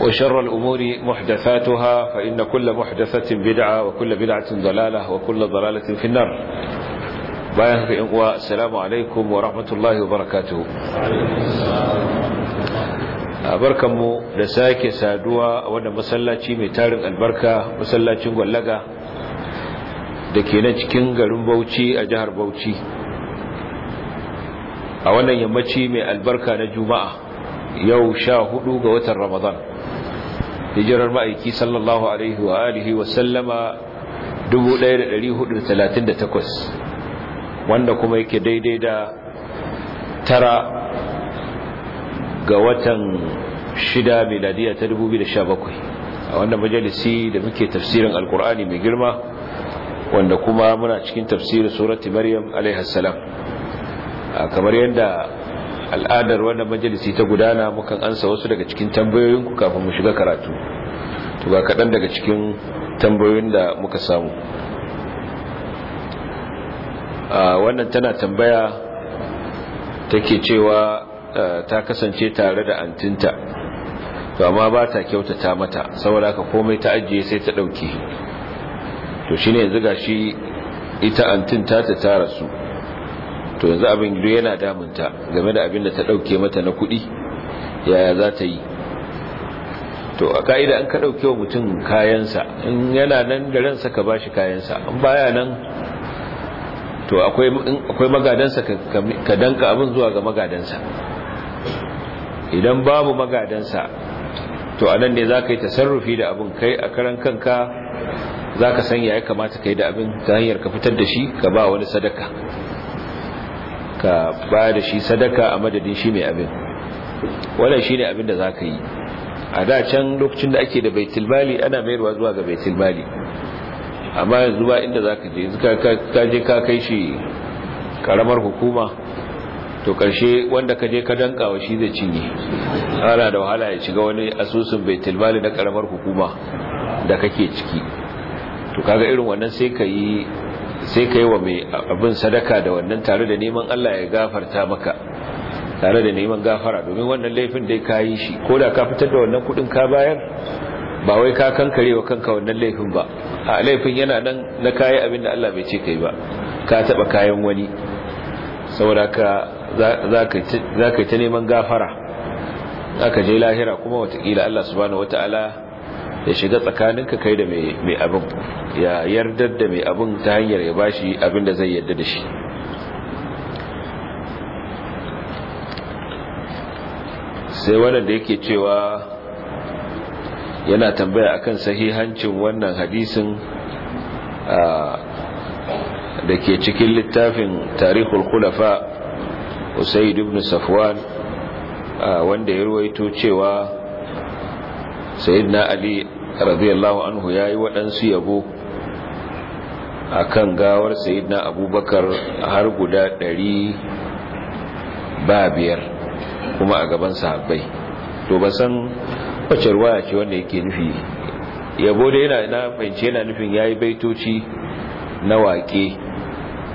وشر الأمور محدثاتها فإن كل محدثة بدعة وكل بدعة ضلالة وكل ضلالة في النار uwa والسلام عليكم ورحمة الله وبركاته barkanmu da sake saduwa a wannan masallaci mai tarin albarka masallacin gwallaga da ke na cikin garin bauchi a jihar bauchi a wannan yammaci mai albarka na juma'a yau sha hudu ga watan ramadan hijirar ma'aiki sallallahu alaihi wa alihi wa sallama 1438 wanda kuma yake daidai da tara ga watan shida miladiya ta 2017 a wanda majalisi da muke tafsirin alkur'ani mai girma wanda kuma muna cikin tafsirin surati maryam alaihi salam kamar yadda al'adar wannan majalisi ta gudana mukan ansa wasu daga cikin tambayoyinku kafin mu shiga karatu to ga kaɗan daga cikin tambayoyin da muka samu wannan tana tambaya take cewa ta kasance tare da antinta to amma ba ta kyautata mata saboda haka komai ta ajiye sai ta dauke to shine yanzu gashi ita antin ta ta tara to yanzu abin gido yana damunta game da abin da ta dauke mata na kudi yaya za ta yi to a ka'ida an ka dauke wa mutum kayansa in yana nan da ransa ka bashi kayansa in baya nan to akwai magadansa ka danka abin zuwa ga magadansa idan babu magadansa to a nan ne za ka yi tasarrufi da abin kai a karan kanka ka sanya ya kamata ka yi da abin ta hanyar ka fitar da shi ka ba wani sadaka ka ba da shi sadaka a madadin shi mai abin wannan shi ne abin da za ka yi a da can lokacin da ake da baitul ana mayarwa zuwa ga bai amma yanzu ba inda za ka je ka je ka kai shi karamar hukuma to karshe wanda ka je ka wa shi zai cinye ana da wahala ya shiga wani asusun bai na karamar hukuma da kake ciki to kaga irin wannan sai ka yi sai ka yi wa mai abin sadaka da wannan tare da neman Allah ya gafarta maka tare da neman gafara domin wannan laifin da ka yi shi ko da ka fitar da wannan kudin ka bayar ba wai ka kankare wa kanka wannan laifin ba a laifin yana nan na kayi abin da Allah bai ce ka yi ba ka taba kayan wani saboda ka za ka yi ta neman gafara za ka je lahira kuma watakila Allah subhanahu wataala ya shiga tsakaninka kai da mai abin ya yardar da mai abin ta hanyar ya bashi abin da zai yarda da shi sai wannan da yake cewa yana tambaya akan sahihancin wannan hadisin da ke cikin littafin tarihul khulafa usaid ibn safwan wanda ya ruwaito cewa sayyidina ali radiyallahu anhu yayi waɗansu yabo akan gawar sayyidina abubakar har guda ɗari ba kuma a gaban sahabbai to ba san wace ruwaya ce wanda yake nufi yabo da yana na fahimci yana nufin yayi baitoci na waƙe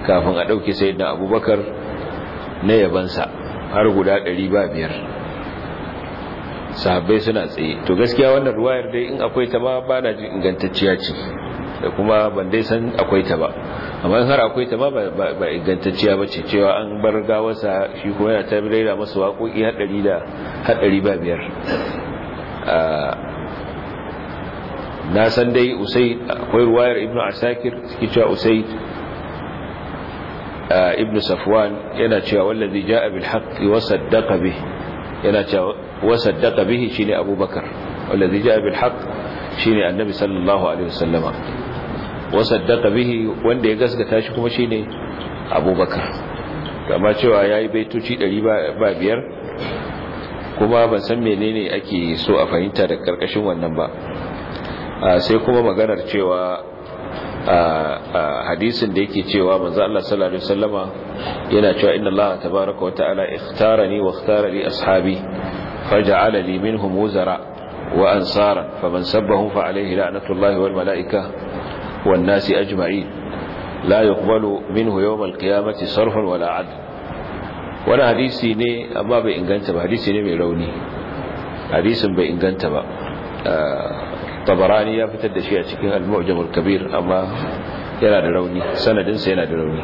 kafin a ɗauke sayyidina abubakar na yabansa har guda ɗari ba biyar sahabbai suna tsaye to gaskiya wannan ruwayar dai in akwai ta ma ba na jin ingantacciya ce da kuma ban dai san akwai ta ba amma har akwai ta ma ba ingantacciya ba ce cewa an bar gawarsa shi kuma yana ta da masa waƙoƙi haɗari da haɗari ba biyar na san dai usai akwai ruwayar ibnu asakir suke cewa usai ibnu safwan yana cewa wallazi ja'a bil haqqi wa saddaqa bihi yana cewa wasaddaqa bihi shine abubakar wallazi jaa bil haqq shine annabi sallallahu alaihi wasallama wasaddaqa bihi wanda ya gaskata shi kuma shine abubakar kamar cewa yayi baitoci 100 biyar kuma ban san menene ake so a fahimta da karkashin wannan ba ah, sai kuma maganar cewa hadisin da yake cewa manzo Allah sallallahu alaihi wasallama yana cewa inna Allah tabaaraka wa ta'ala ikhtarani wa ikhtara li ashabi faj'ala li minhum wuzara wa ansara faman sabbahum fa alayhi la'natullahi wal malaa'ika wan nasi ajma'in la yuqbalu minhu yawm al qiyamati sarfun wala 'adl wani hadisi ne amma bai inganta ba hadisi ne mai rauni hadisin bai inganta ba tabarani ya fitar da shi a cikin al-mu'jam kabir amma yana da rauni sanadin sa yana da rauni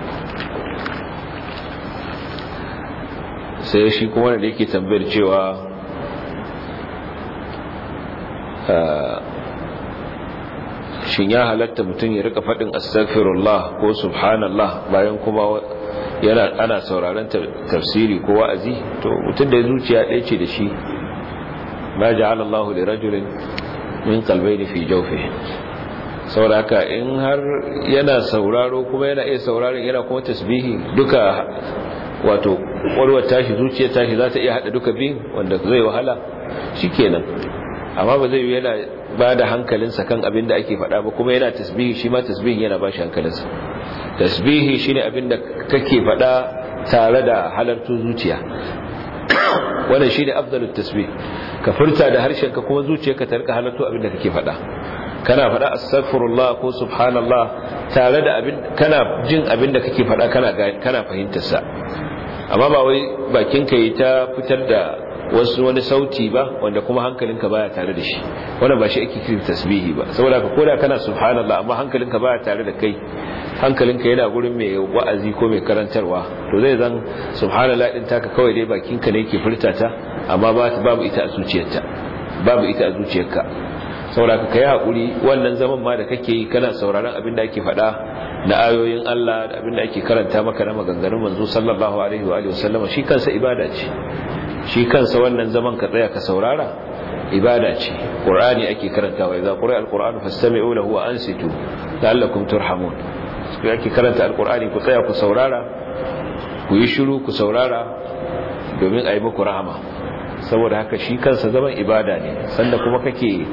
sai shi kuma da yake tambayar cewa shin ya halatta mutum ya rika faɗin astaghfirullah ko subhanallah bayan kuma yana ana sauraron tafsiri ko wa'azi to mutum da zuciya ɗaya ce da shi ma ja'alallahu Allahu li rajulin min kalbaini fi jaufe saboda haka in har yana sauraro kuma yana iya sauraro yana kuma tasbihi duka wato kwarwar tashi zuciya tashi za ta iya hada duka biyu wanda zai wahala shi kenan. amma ba zai yana ba da hankalinsa kan abin da ake faɗa ba kuma yana tasbihi shi ma tasbihin yana ba shi hankalinsa tasbihi shi ne abin da kake faɗa tare da halartun zuciya wannan shine afdalut tasbih ka furta da harshen ka kuma ka ta rika halatto abinda da kake faɗa kana faɗa astaghfirullah ko subhanallah tare da abin kana jin abinda kake faɗa kana kana fahimtar sa amma ba wai bakin ka yi ta fitar da wasu wani sauti ba wanda kuma hankalinka baya tare da shi wannan ba shi ake kiran tasbihi ba saboda ka koda kana subhanallah amma hankalinka baya tare da kai hankalinka yana gurin mai wa'azi ko mai karantarwa to zai zan subhanallah din taka kawai dai bakinka ne yake furta ta amma babu ita a zuciyarta babu ita a zuciyarka saboda ka kai hakuri wannan zaman ma da kake yi kana sauraron abin da ake faɗa na ayoyin Allah da abin da ake karanta maka na maganganun manzo sallallahu alaihi wa alihi wasallama shi kansa ibada ce shi kansa wannan zaman ka tsaya ka saurara ibada ce qur'ani ake karanta wa idza qira alqur'anu fastami'u lahu wa ansitu la'allakum turhamun ake karanta alqur'ani ku tsaya ku saurara ku yi shiru ku saurara domin ayi muku rahama saboda haka shi kansa zaman ibada ne sanda kuma kake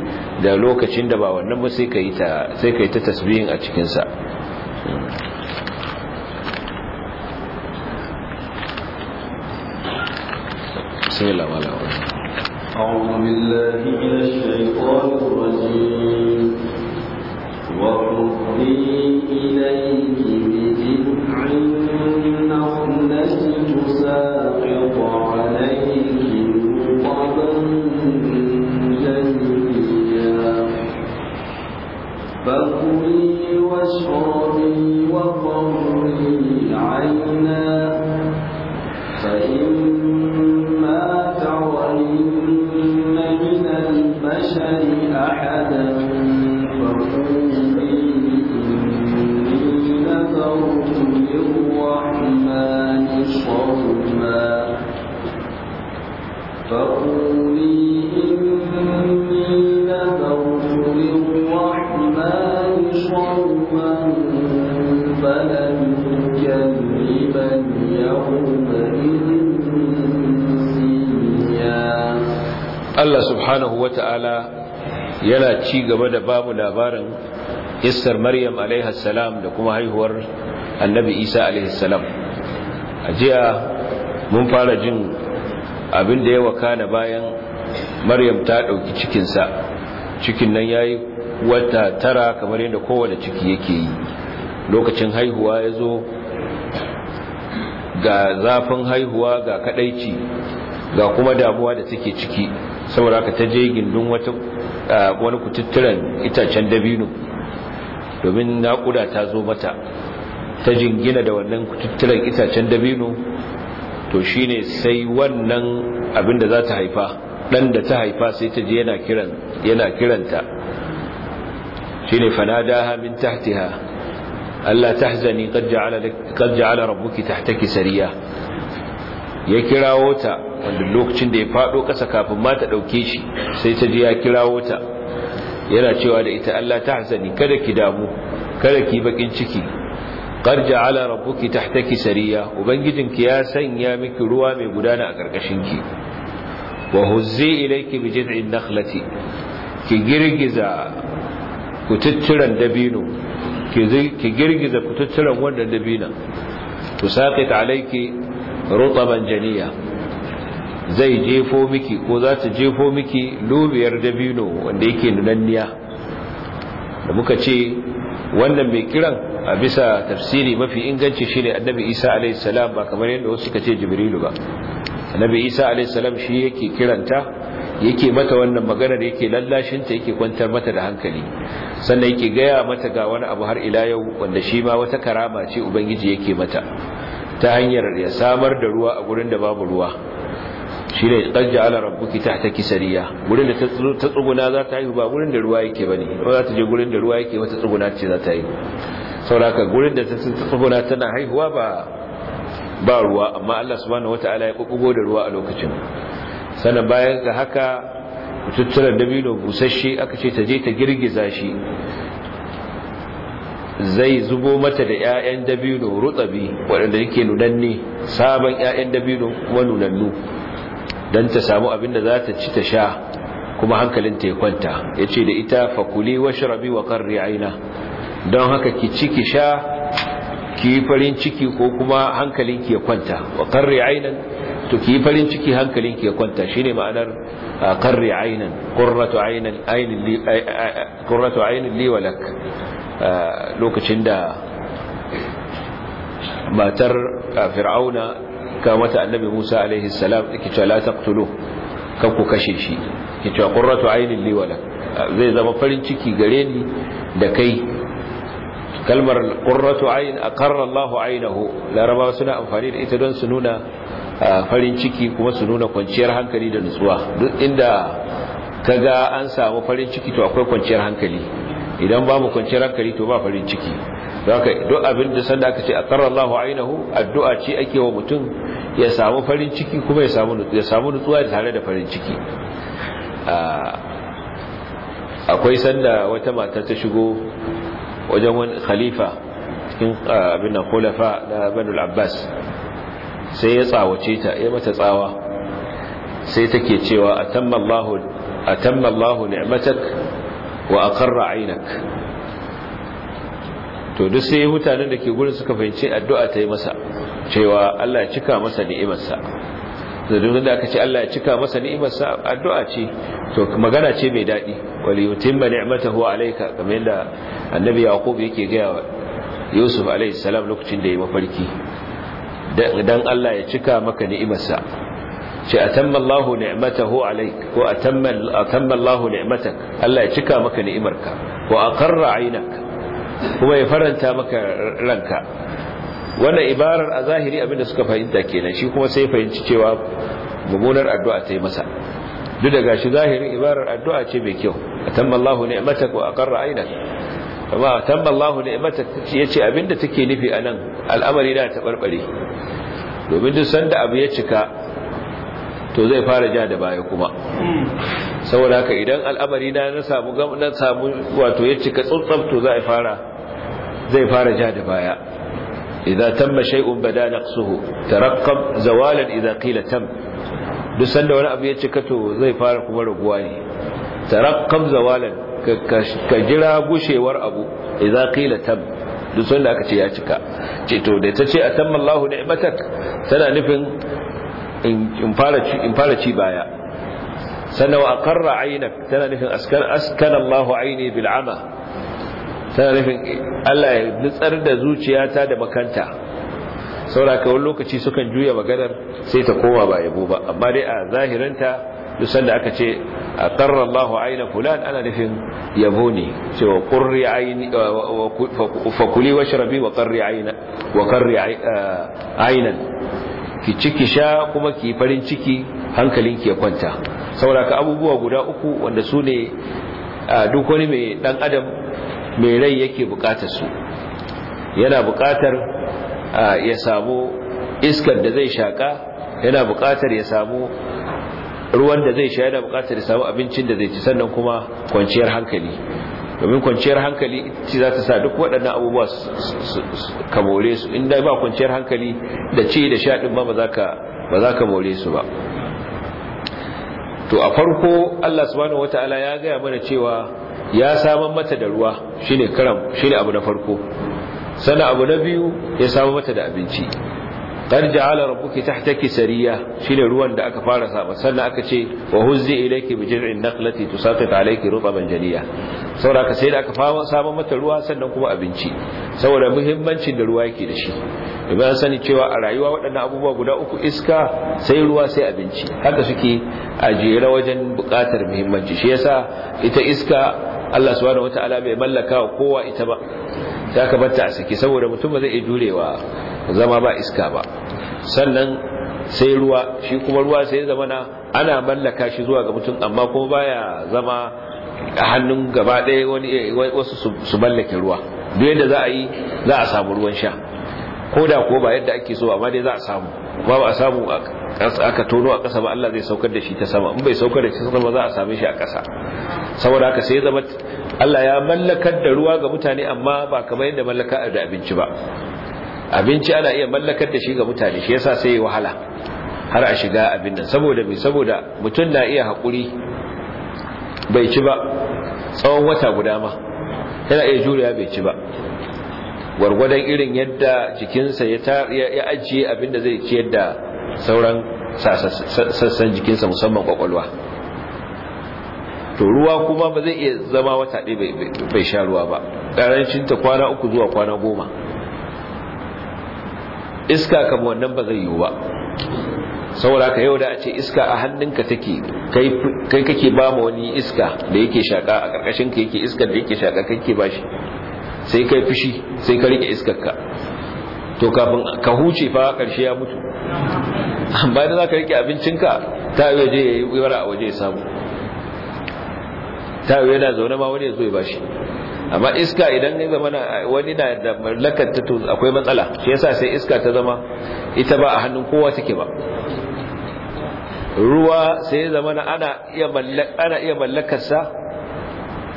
da lokacin da ba wannan ba sai ka ta sai kai ta tasbihin a cikin sa بسم الله وعلى أعوذ بالله من الشيطان الرجيم وقضي النخلة عليك فكلي واشربي وقري عينا subhanahu wata'ala yana ci gaba da babu labarin istar maryam alaihi salam da kuma haihuwar annabi isa alaihi salam a jiya mun fara jin abin da ya wakana bayan maryam ta ɗauki cikinsa cikin nan ya yi wata tara kamar yadda kowane ciki yake yi lokacin haihuwa ya zo ga zafin haihuwa ga kadaici ga kuma damuwa da take ciki saboda haka ta je gindin wata wani kututturen itacen dabino domin naƙuda ta zo mata ta jingina da wannan kututturen itacen dabino to shi ne sai wannan abin da za ta haifa ɗan da ta haifa sai ta je yana kiranta shi kiranta shine fanadaha min tahtiha Allah tahzani qad ala qad ja'ala ta tahtaki sariya ya kirawo ta wanda lokacin da ya fado kasa kafin ma ta dauke shi sai ta ji ya kirawo ta yana cewa da ita Allah ta hasani kada ki damu kada ki bakin ciki qarja ala rabbuki tahtaki sariya ubangijinki ya sanya miki ruwa mai gudana a karkashinki wa huzzi ilayki bi jid'in nakhlati ki girgiza kututturan dabino ki girgiza kututturan wannan dabina tusaqit alayki rutaban janiya zai jefo miki ko za ta jefo miki lobiyar dabino wanda yake nunanniya da muka ce wannan mai kiran a bisa tafsiri mafi inganci shine annabi isa alaihissalam ba kamar yadda wasu suka ce jibrilu ba annabi isa alaihissalam shi yake kiranta yake mata wannan magana da yake lallashinta yake kwantar mata da hankali sannan yake gaya mata ga wani abu har ila yau wanda shi ma wata karama ce ubangiji yake mata ta hanyar ya samar da ruwa a gurin da babu ruwa shi ne ƙarji ala rabbuki ta ta kisariya gurin da ta tsuguna za ta haihu ba gurin da ruwa yake ba ne ba za ta je gurin da ruwa yake wata tsuguna ce za ta haihu sauraka gurin da ta tsuguna tana haihuwa ba ba ruwa amma Allah wata ala ya ƙuƙugo da ruwa a lokacin sannan bayan ga haka tuttura dabino busasshe aka ce ta je ta girgiza shi zai zubo mata da 'ya'yan dabino rutsabi waɗanda yake nunanne sabon 'ya'yan dabino kuma nunannu don ta samu abin da za ta ci ta sha kuma hankalin ta ya kwanta ya ce da ita fakuli wa shirabi wa karri aina don haka ki ci ki sha ki yi farin ciki ko kuma hankalin ki ya kwanta wa karri ainan to ki yi farin ciki hankalin ki ya kwanta ne ma'anar qarri aynan qurratu aynan aynin li qurratu lokacin da matar fir'auna ka mata annabi Musa alaihi salam cewa la taqtulu kan ku kashe shi ki cewa qurratu aini li wala zai zama farin ciki gare ni da kai kalmar qurratu a aqarra Allahu aynahu laraba suna amfani da ita don su nuna farin ciki kuma su nuna kwanciyar hankali da nutsuwa duk inda ga an samu farin ciki to akwai kwanciyar hankali idan ba mu kwanciyar hankali to ba farin ciki haka duk abin da sanda aka ce aqarrallahu ainahu addu'a ce ake wa mutum ya samu farin ciki kuma ya samu nutsuwa tare da farin ciki akwai sanda wata mata ta shigo wajen wani khalifa cikin abin nan na Banu abbas sai ya tsawace ta ya mata tsawa sai take cewa a Allahu Allahu ni'matak wa aqarra aynak to duk sai mutanen da ke gurin suka fahimci addu'a ta yi masa cewa Allah ya cika masa ni'imarsa to duk da aka ce Allah ya cika masa ni'imarsa addu'a ce to magana ce mai dadi wali yutimma ni'matahu alayka kamar yadda annabi yaqub yake ga Yusuf alayhi salam lokacin da ya mafarki dan Allah ya cika maka ni'imarsa ce atamma Allahu ni'matahu alayk atamma atamma Allahu ni'matak Allah ya cika maka ni'imarka wa aqarra 'aynak kuma ya faranta maka ranka wannan ibarar a zahiri abinda suka fahimta kenan shi kuma sai fahimci cewa mummunar addu'a ta yi masa duk da gashi ibarar addu'a ce mai kyau atamma Allahu wa aqarra 'aynak atamma Allahu yace abinda take nufi anan al'amari da ta barbare domin duk sanda abu ya cika to zai fara ja da baya kuma hmm. saboda haka idan al'amari na na samu na samu wato ya cika tsuntsam to zai fara zai fara ja da baya idza tamma shay'un bada naqsuhu taraqqab zawalan idza qila tam duk sanda wani abu ya cika to zai fara kuma raguwa ne taraqqab zawalan ka jira gushewar abu idza qila tam duk sanda aka ce ya cika ce to da ta ce atamma Allahu ni'matak tana nufin in fara ci baya sannan a aqarra aynak tana nufin askan askana Allahu ayni tana nufin Allah ya nutsar da zuciyata da makanta saboda wani lokaci sukan juya maganar sai ta koma ba yabo ba amma dai a zahirinta dusan da aka ce aqarra Allahu ayna fulan ana nufin yabo ne cewa wa wa aynan ki ci ki sha kuma ki farin ciki hankalinki ya kwanta saboda ka abubuwa guda uku wanda su ne duk wani mai dan adam mai rai yake bukatar su yana bukatar ya samu iskar da zai shaka yana bukatar ya samu ruwan da zai sha yana bukatar ya samu abincin da zai ci sannan kuma kwanciyar hankali domin kwanciyar hankali ce za ta sa duk waɗannan abubuwa ka more su inda ba kwanciyar hankali da ce da shaɗin ba ba za ka more su ba to a farko Allah subhanahu wataala ya gaya mana cewa ya saman mata da ruwa shine karam shine abu na farko sannan abu na biyu ya saman mata da abinci qad ja'ala rabbuki tahtaki sariya shine ruwan da aka fara saba sannan aka ce wa huzzi ilayki bi jiz'in naqlati tusaqit alayki rutaban janiya saboda ka sai da aka fara saba mata ruwa sannan kuma abinci saboda muhimmancin da ruwa yake da shi idan an sani cewa a rayuwa waɗannan abubuwa guda uku iska sai ruwa sai abinci haka suke a jera wajen buƙatar muhimmanci shi yasa ita iska Allah subhanahu wataala bai mallaka mallakawa kowa ita ba ta ka batta a saki saboda mutum ba zai iya jurewa zama ba iska ba sannan sai ruwa shi kuma ruwa sai zama na ana mallaka shi zuwa ga mutum amma kuma baya zama a hannun gaba ɗaya wani wasu su mallake ruwa duk yadda za a yi za a samu ruwan sha ko da ko ba yadda ake so amma dai za a samu ba ba a samu aka tono a ƙasa ba Allah zai saukar da shi ta sama in bai saukar da shi ta sama za a same shi a ƙasa saboda haka sai zama Allah ya mallakar da ruwa ga mutane amma ba kamar yadda mallaka da abinci ba abinci ana iya mallakar da shi ga mutane shi yasa sai wahala har a shiga abin nan saboda saboda mutum na iya hakuri bai ci ba tsawon wata guda ma yana iya juriya bai ci ba gwargwadon irin yadda jikinsa ya ajiye abin da zai ci yadda sauran sassan jikinsa musamman kwakwalwa to ruwa kuma ba zai iya zama wata ɗaya bai sha ruwa ba ƙarancinta kwana uku zuwa kwana goma iska kam wannan ba zai yiwu ba saboda ka yau da a ce iska a hannunka take kai kake ba ma wani iska da yake shaka a karkashin ka yake iska da yake shaka kake ba shi sai kai fushi sai ka rike iskar ka to kafin ka huce fa karshe ya mutu amma idan ka rike abincinka ta yi waje ya yi wara a waje ya samu ta yi yana zaune ma wani ya zo ya bashi amma iska idan ya zama wani na da mallakar ta akwai matsala shi yasa sai iska ta zama ita ba a hannun kowa take ba ruwa sai ya zama ana iya mallakar sa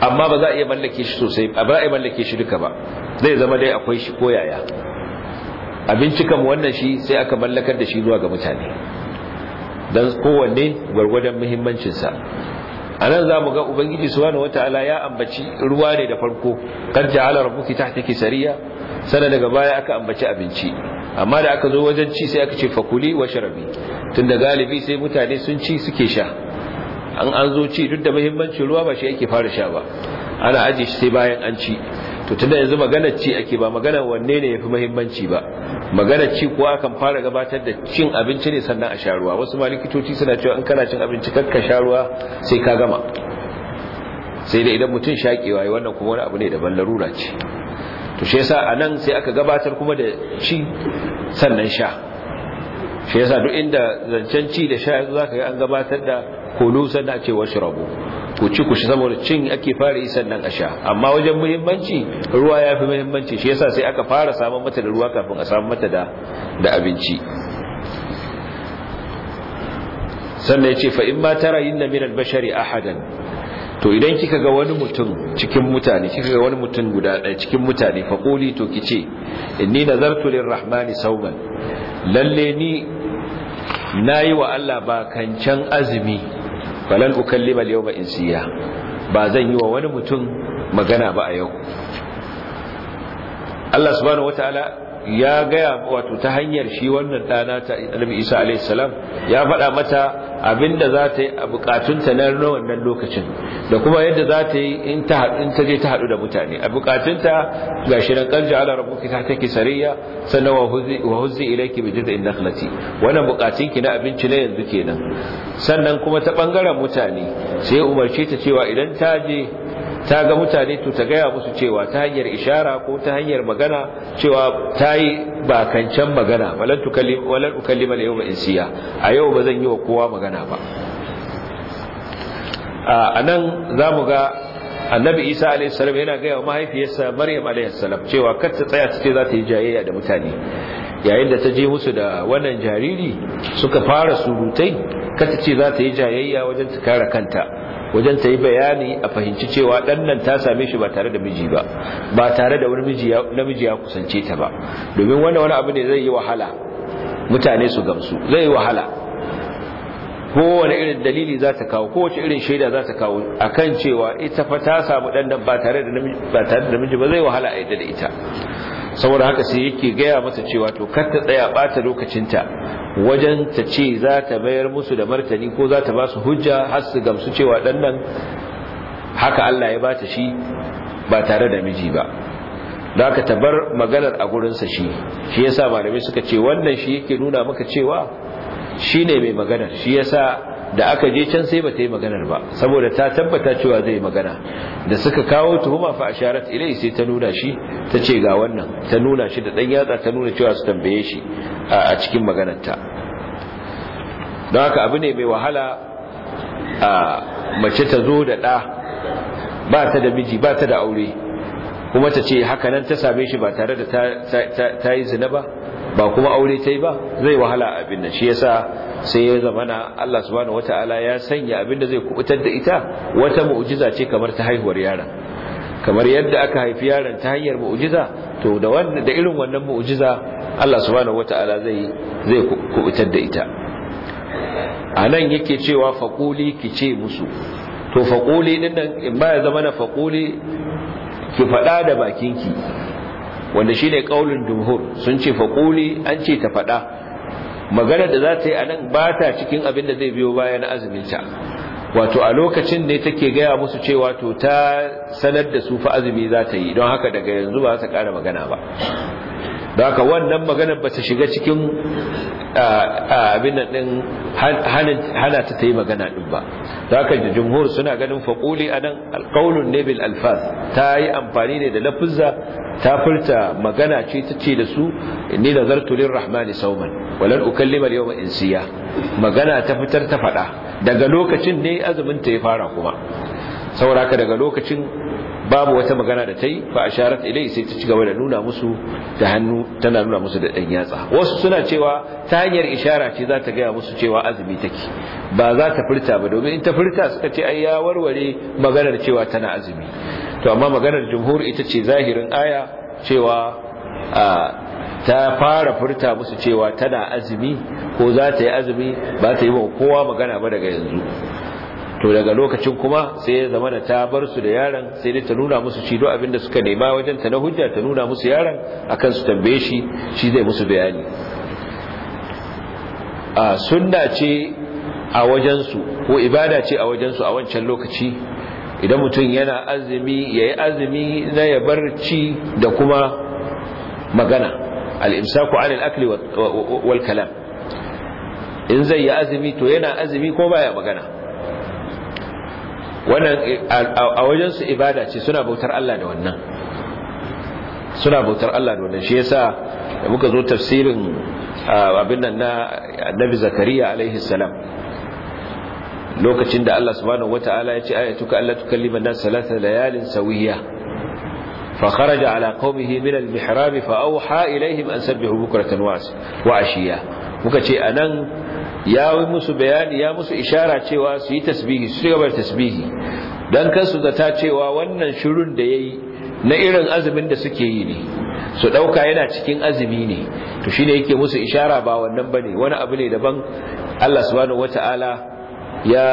amma ba za a iya mallake shi sosai ba za a iya mallake shi duka ba zai zama dai akwai shi koyaya abinci kan wannan shi sai aka mallakar da shi zuwa ga mutane dan kowanne gwargwadon muhimmancin a nan za mu ga ubangiji subhanahu wataala ya ambaci ruwa ne da farko kar ja'ala rabbuki tahtaki sariya sana daga baya aka ambaci abinci amma da aka zo wajen ci sai aka ce fakuli wa sharabi tunda galibi sai mutane sun ci suke sha an an zo ci duk da muhimmancin ruwa ba shi yake fara sha ba ana aje shi sai bayan an ci to tunda yanzu magana ci ake ba magana wanne ne yafi muhimmanci ba magana ci kuwa akan fara gabatar da cin abinci ne sannan a sharuwa wasu ma likitoci suna cewa in kana cin abinci kakka sharuwa sai ka gama sai dai idan mutum shakewa yi wannan kuma wani abu ne daban larura ce to shi yasa anan sai aka gabatar kuma da ci sannan sha shi yasa duk inda zancen ci da sha za ka yi an gabatar da kulu sannan ce wasu rabu ku ci ku shi saboda cin ake fara yi sannan a sha amma wajen muhimmanci ruwa ya fi muhimmanci shi yasa sai aka fara samun mata da ruwa kafin a samun mata da abinci sannan ya ce fa in ma tara yin na minan bashari ahadan to idan kika ga wani mutum cikin mutane kika ga wani mutum guda ɗaya cikin mutane faƙoli to ki ce inni nazartu lirrahmani sauman lalle ni nayi wa Allah kancan azumi falan ukallima al-yawma insiya ba zan yi wa wani mutum magana ba a yau Allah subhanahu wataala ya gaya wato ta hanyar shi wannan ɗana ta annabi isa alaihissalam ya faɗa mata abinda za ta yi a bukatunta na wannan lokacin da kuma yadda za ta yi in ta je ta haɗu da mutane a bukatunta ga shi nan ala rabuki ta take sariya sannan wa huzzi ilaiki bi jidda in wannan wannan ki na abinci na yanzu kenan sannan kuma ta ɓangaren mutane sai umarce ta cewa idan ta je ta ga mutane to ta gaya musu cewa ta hanyar ishara ko ta hanyar magana cewa ta yi bakancan magana walan ukallima da yau insiya a yau ba zan yi wa kowa magana ba a nan za mu ga annabi isa a.s. yana gaya wa mahaifiyarsa maryam a.s. cewa kar ta tsaya ta ce za ta yi jayayya da mutane yayin da ta je musu da wannan jariri suka fara surutai kar ta ce za ta yi jayayya wajen ta kare kanta wajen ta yi bayani a fahimci cewa ɗan nan ta same shi ba tare da miji ba ba tare da wani namiji ya kusance ta ba domin wannan wani abu ne zai yi wahala mutane su gamsu zai yi wahala kowane irin dalili za ta kawo kowace irin shaida za ta kawo akan cewa ita fa ta samu ɗan nan ba tare da namiji ba zai wahala a yadda da ita saboda haka sai yake gaya masa cewa to kar ta tsaya bata lokacinta wajen ta ce za ta bayar musu da martani ko za ta ba su hujja har su gamsu cewa dan nan haka Allah ya bata shi ba tare da miji ba da aka tabar maganar a gurinsa shi shi yasa malamai suka ce wannan shi yake nuna maka cewa shine mai maganar shi yasa da aka je can sai bata yi maganar ba saboda ta tabbata cewa zai magana da suka kawo tuhuma fa asharat ilai sai ta nuna shi ta ce ga wannan ta nuna shi da dan yatsa ta nuna cewa su tambaye shi a cikin maganar ta don haka abu ne mai wahala a mace ta zo da ɗa ba ta da miji ba ta da aure kuma ta ce haka nan ta same shi ba tare da ta yi zina ba ba kuma aure ta yi ba zai wahala abin da shi yasa sai ya zamana Allah subhanahu wataala ya sanya abin da zai kubutar da ita wata mu'jiza ce kamar ta haihuwar yaron kamar yadda aka haifi yaron ta hanyar mu'jiza to da wanda da irin wannan mu'jiza Allah subhanahu wataala zai zai kubutar da ita anan yake cewa faquli kice musu to faƙuli din nan in ba ya zama na faƙuli ki faɗa da bakinki wanda shine kaulin jumhur sun ce faquli an ce ta faɗa magana da za ta yi anan ba ta cikin abin da zai biyo bayan azumin ta wato a lokacin ne take gaya musu cewa to ta sanar da su fa azumi za ta yi don haka daga yanzu ba za ta ƙara magana ba da haka wannan maganar ba ta shiga cikin abin din hana ta ta yi magana din ba da haka jumhur suna ganin faƙuli a nan alƙaunin Nebil alfaz ta yi amfani ne da lafizza ta furta magana ce ta ce da su inni da zartulin rahmani sauman walar ukallimar in insiya magana ta fitar ta faɗa daga lokacin ne azumin ta ya fara kuma ka daga lokacin babu wata magana da ta yi fa asharat ilai sai ta ci gaba da nuna musu da hannu tana nuna musu da ɗan yatsa wasu suna cewa ta hanyar ishara ce za ta gaya musu cewa azumi take ba za ta furta ba domin in ta furta suka ce ai ya warware maganar cewa tana azumi to amma maganar jumhur ita ce zahirin aya cewa ta fara furta musu cewa tana azumi ko za ta yi azumi ba ta yi wa kowa magana ba daga yanzu to daga lokacin kuma sai ya zama da ta bar su da yaran sai dai ta nuna musu shi duk abin da suka nema wajen ta na hujja ta nuna musu yaran akan su tambaye shi shi zai musu bayani a sunna ce a wajensu ko ibada ce a wajensu a wancan lokaci idan mutum yana azumi ya yi azumi na ya bar ci da kuma magana al'imsaku anil akli wal kalam in zai yi azumi to yana azumi ko baya magana wannan a wajensu ibada ce suna bautar Allah da wannan suna bautar Allah da wannan shi yasa da muka zo tafsirin abin nan na annabi zakariya alaihi salam lokacin da Allah subhanahu wataala ya ce ayatuka Allah tukallima an-nas salasa layalin sawiya fa kharaja ala qaumihi min al-mihrab fa awha ilaihim an sabbihu bukratan wa ashiya muka ce anan ya yi musu bayani ya musu ishara cewa su yi tasbihi su gaba tasbihi dan kansu zata cewa wannan shirun da yayi na irin azumin da suke yi ne su ɗauka yana cikin azumi ne to shine yake musu ishara ba wannan bane wani abu ne daban Allah subhanahu wataala ya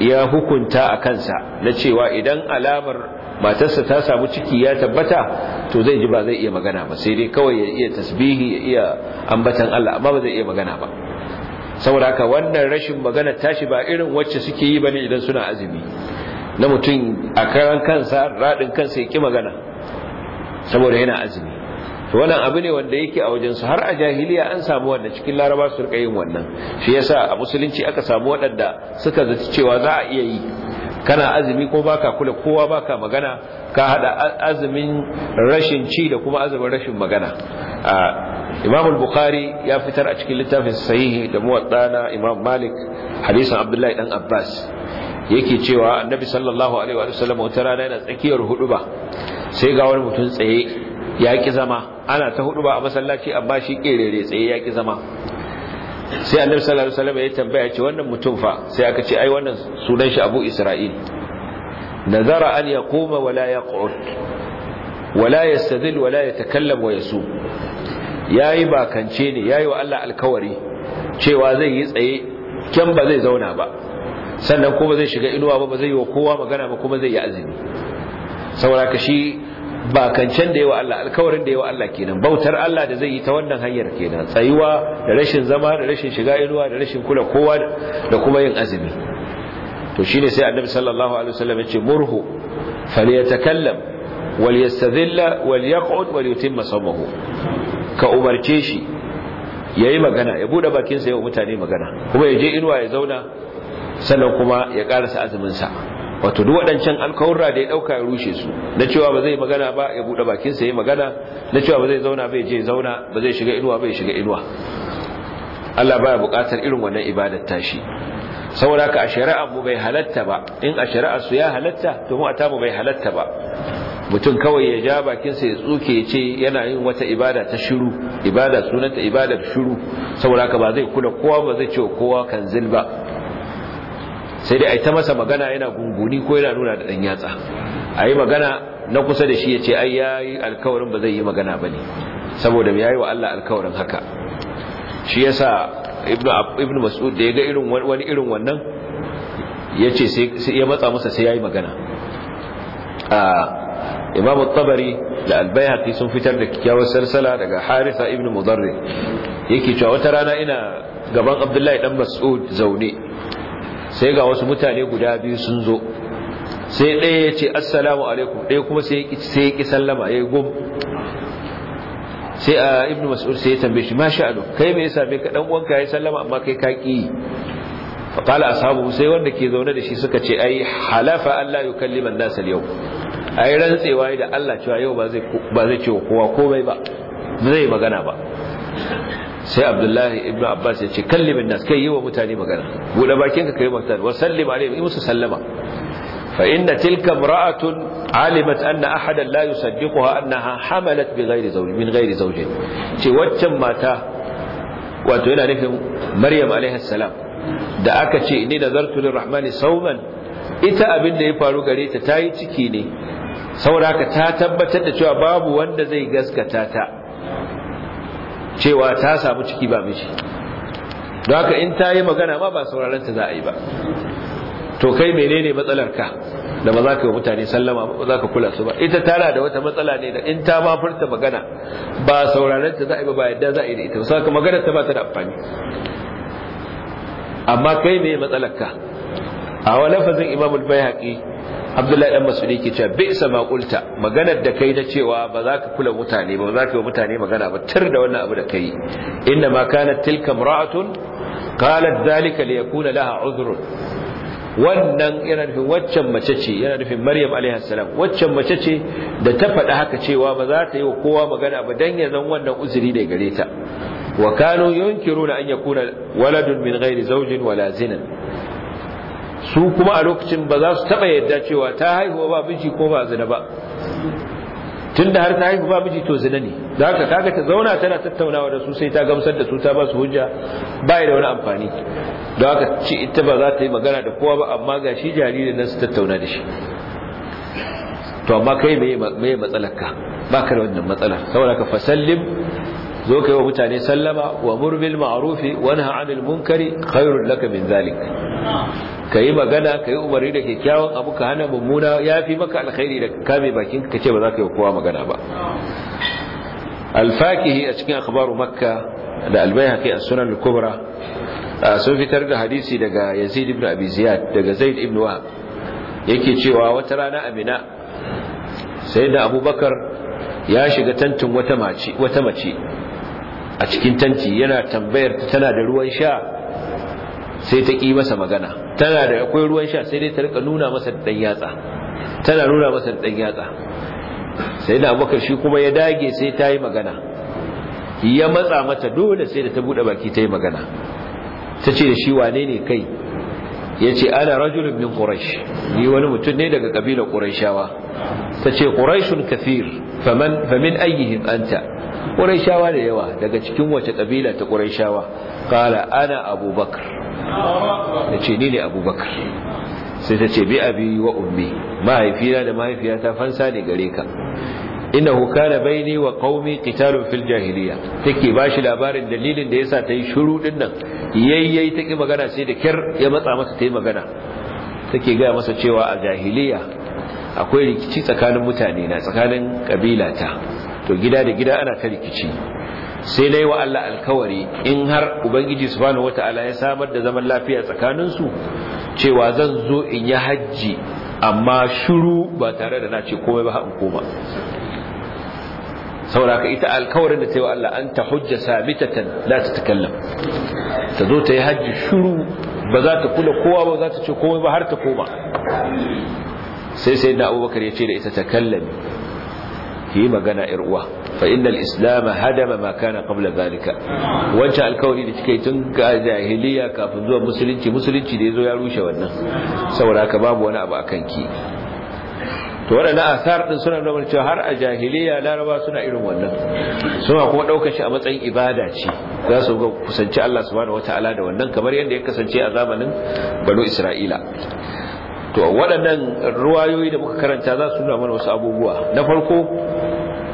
ya hukunta a kansa na cewa idan alamar matarsa ta samu ciki ya tabbata to zai ji ba zai iya magana ba sai dai kawai ya iya tasbihi ya iya ambatan Allah amma ba zai iya magana ba saboda haka wannan rashin magana tashi ba irin wacce suke yi bane idan suna azumi na mutum a karan kansa radin kansa yake magana saboda yana azumi to wannan abu ne wanda yake a wajen su har a jahiliya an samu wanda cikin laraba su rika yin wannan shi yasa a musulunci aka samu waɗanda suka zaci cewa za a iya yi kana azumi ko baka kula kowa baka magana ka hada azumin rashin ci da kuma azumin rashin magana Imam al-Bukhari ya fitar a cikin littafin sahihi da muwatta Imam Malik hadisin Abdullahi dan Abbas yake cewa Annabi sallallahu alaihi wa sallam wata rana yana tsakiyar huduba sai ga wani mutum tsaye ya ki zama ana ta huduba a masallaci amma shi kerere tsaye ya ki zama sai annabi sallallahu alaihi wasallam ya tambaya ce wannan mutum fa sai aka ce ai wannan sunan shi Abu Isra'il nazara an yaquma wala yaq'ud wala yastadil wala yatakallam wa yasu yayi bakance ne yayi wa Allah alkawari cewa zai yi tsaye kyan ba zai zauna ba sannan kuma zai shiga inuwa ba ba zai yi wa kowa magana ba kuma zai yi azumi saboda ka shi ba kancan da yawa Allah alkawarin da yawa Allah kenan bautar Allah da zai yi ta wannan hanyar kenan tsayuwa da rashin zama da rashin shiga inuwa da rashin kula kowa da kuma yin azumi to shine sai annabi sallallahu alaihi wasallam ya ce murhu falyatakallam walyastadhilla walyaq'ud walyutimma sawmahu ka umarce shi yayi magana ya bude bakin sa ya mutane magana kuma ya je inuwa ya zauna sannan kuma ya karasa azumin sa wato duk waɗancan alkawurra da ya ɗauka ya rushe su na cewa ba zai magana ba ya buɗe bakinsa ya magana na cewa ba zai zauna bai je zauna ba zai shiga inuwa bai shiga inuwa Allah baya buƙatar irin wannan ibadar tashi saboda ka a shari'a mu bai halatta ba in a shari'a su ya halatta to mu a mu bai halatta ba mutum kawai ya ja bakinsa ya tsuke ya ce yana yin wata ibada ta shiru ibada sunanta ibadar shiru saboda ka ba zai kula kowa ba zai ce kowa kan zilba sai dai a ta masa magana yana gunguni ko yana nuna da ɗan yatsa a yi magana na kusa da shi ya ce ai ya yi alkawarin ba zai yi magana ba ne saboda ya yi wa Allah alkawarin haka shi ya sa ibn mas'ud da ya ga irin wani irin wannan ya ce sai ya matsa masa sai ya yi magana imamu tabari da albayhaqi sun fitar da kyakkyawar salsala daga harisa ibn mudarri yake cewa wata rana ina gaban abdullahi dan mas'ud zaune sai ga wasu mutane guda biyu sun zo sai ɗaya ya ce assalamu alaikum ɗaya kuma sai ya ƙi sallama ya yi gum sai a ah, ibn mas'ud sai ya tambaye shi ma sha'anu kai me yasa me ka dan uwanka ya sallama amma kai ka ƙi fa qala ashabu sai wanda ke zaune da shi suka ce ai halafa Allah yukallima an-nas al-yawm ai rantsewa da Allah cewa yau ba zai ba zai ce kowa komai ba zai magana ba sai abdullahi ibn abbas ya ce kallimin nas kai yi wa mutane magana buɗe bakin ka kai mutane wa sallim alaihim yi musu sallama fa inna tilka imra'atun alimat anna ahadan la yusaddiquha annaha hamalat bi ghairi zawj min ghairi zawjin ce waccan mata wato yana nufin maryam alaiha salam da aka ce inni nazartu lirrahmani sawman ita abin da ya faru gare ta tayi ciki ne saboda ka ta tabbatar da cewa babu wanda zai gaskata ta cewa ta samu ciki ba mishi don haka in ta yi magana ma ba sauraron ta za a yi ba to kai menene matsalar ka da ba za ka yi mutane sallama ba za ka kula su ba ita tara da wata matsala ne da in ta ma furta magana ba sauraron ta za a yi ba ba yadda za a yi da ita ba saka magana ta ba ta da amfani amma kai me matsalar ka a wani lafazin imamul haƙi abdullahi dan masudi yake cewa bi'sa makulta maganar da kai na cewa ba za ka kula mutane ba za ka yi mutane magana ba tar da wannan abu da kai inna ma kana tilka imra'atun qalat dhalika liyakuna laha uzurun. wannan yana nufin waccan mace ce yana nufin maryam alaihi salam waccan mace ce da ta faɗa haka cewa ba za ta yi wa kowa magana ba dan ya zan wannan uzuri da gare ta wa kanu yunkiruna an yakuna waladun min ghairi zawjin wala zinan su kuma a lokacin ba za su taba yadda cewa ta haihuwa ba miji ko ba zina ba da har ta haihu ba miji to zina ne da haka kaga ta zauna tana tattaunawa da su sai ta gamsar da su ta ba su hujja ba da wani amfani da haka ci ita ba za ta yi magana da kowa ba amma ga shi jaririn nan su tattauna da shi to amma kai me matsalar ka ba ka da wannan matsala saboda ka fasallim zo kai wa mutane sallama wa murbil ma'rufi wa nahy 'anil munkari khairul laka min zalik ka yi magana ka yi umarni da kyakkyawan abu ka hana mummuna ya fi maka alkhairi da kame bakin ka ce ba za ka yi kowa magana ba alfakihi a cikin akhbaru makka da albayhaqi a sunan al-kubra sun fitar da hadisi daga yazid ibn abi ziyad daga zaid ibn wa yake cewa wata rana amina sai da abubakar ya shiga tantin wata mace wata mace a cikin tanti yana tambayar tana da ruwan sha sai ta ƙi masa magana tana da akwai ruwan sha sai dai ta rika nuna masa da yatsa tana nuna masa da yatsa sai da abokar shi kuma ya dage sai ta yi magana ya matsa mata dole sai da ta buɗe baki ta yi magana ta ce da shi wane ne kai yace ana rajulun min quraish ni wani mutum ne daga kabilar quraishawa tace quraishun kathir faman famin ayyihim anta quraishawa da yawa daga cikin wace kabila ta quraishawa kala ana abubakar yace ni ne abubakar sai tace bi abi wa ummi mahaifina da mahaifiyata fansa ne gare ka innahu kana baini wa qaumi qitalun fil jahiliya take bashi labarin dalilin da yasa ta yi shiru din nan yayyai take magana sai da kyar ya matsa masa ta magana take gaya masa cewa a jahiliya akwai rikici tsakanin mutane na tsakanin kabila ta to gida da gida ana ta rikici sai dai wa Allah alkawari in har ubangiji subhanahu wataala ya samar da zaman lafiya tsakanin su cewa zan zo in yi hajji amma shiru ba tare da na ce komai ba haɗin koma saboda ita alkawarin da ta yi wa Allah an ta hujja sabitatan la ta takallam ta zo ta yi hajji shuru ba za ta kula kowa ba za ta ce komai ba har ta koma sai sai da abubakar ya ce da ita takallami ki yi magana yar uwa fa innal islam hadama ma kana qabla zalika wancan alkawari da kike tun ga jahiliya kafin zuwa musulunci musulunci da yazo ya rushe wannan saboda ka babu wani abu akan ki to waɗannan asar din suna da cewa har a jahiliya laraba suna irin wannan suna kuma ɗaukar shi a matsayin ibada ce za su ga kusanci Allah subhanahu wata'ala da wannan kamar yadda ya kasance a zamanin banu Isra'ila to waɗannan ruwayoyi da muka karanta za su nuna mana wasu abubuwa na farko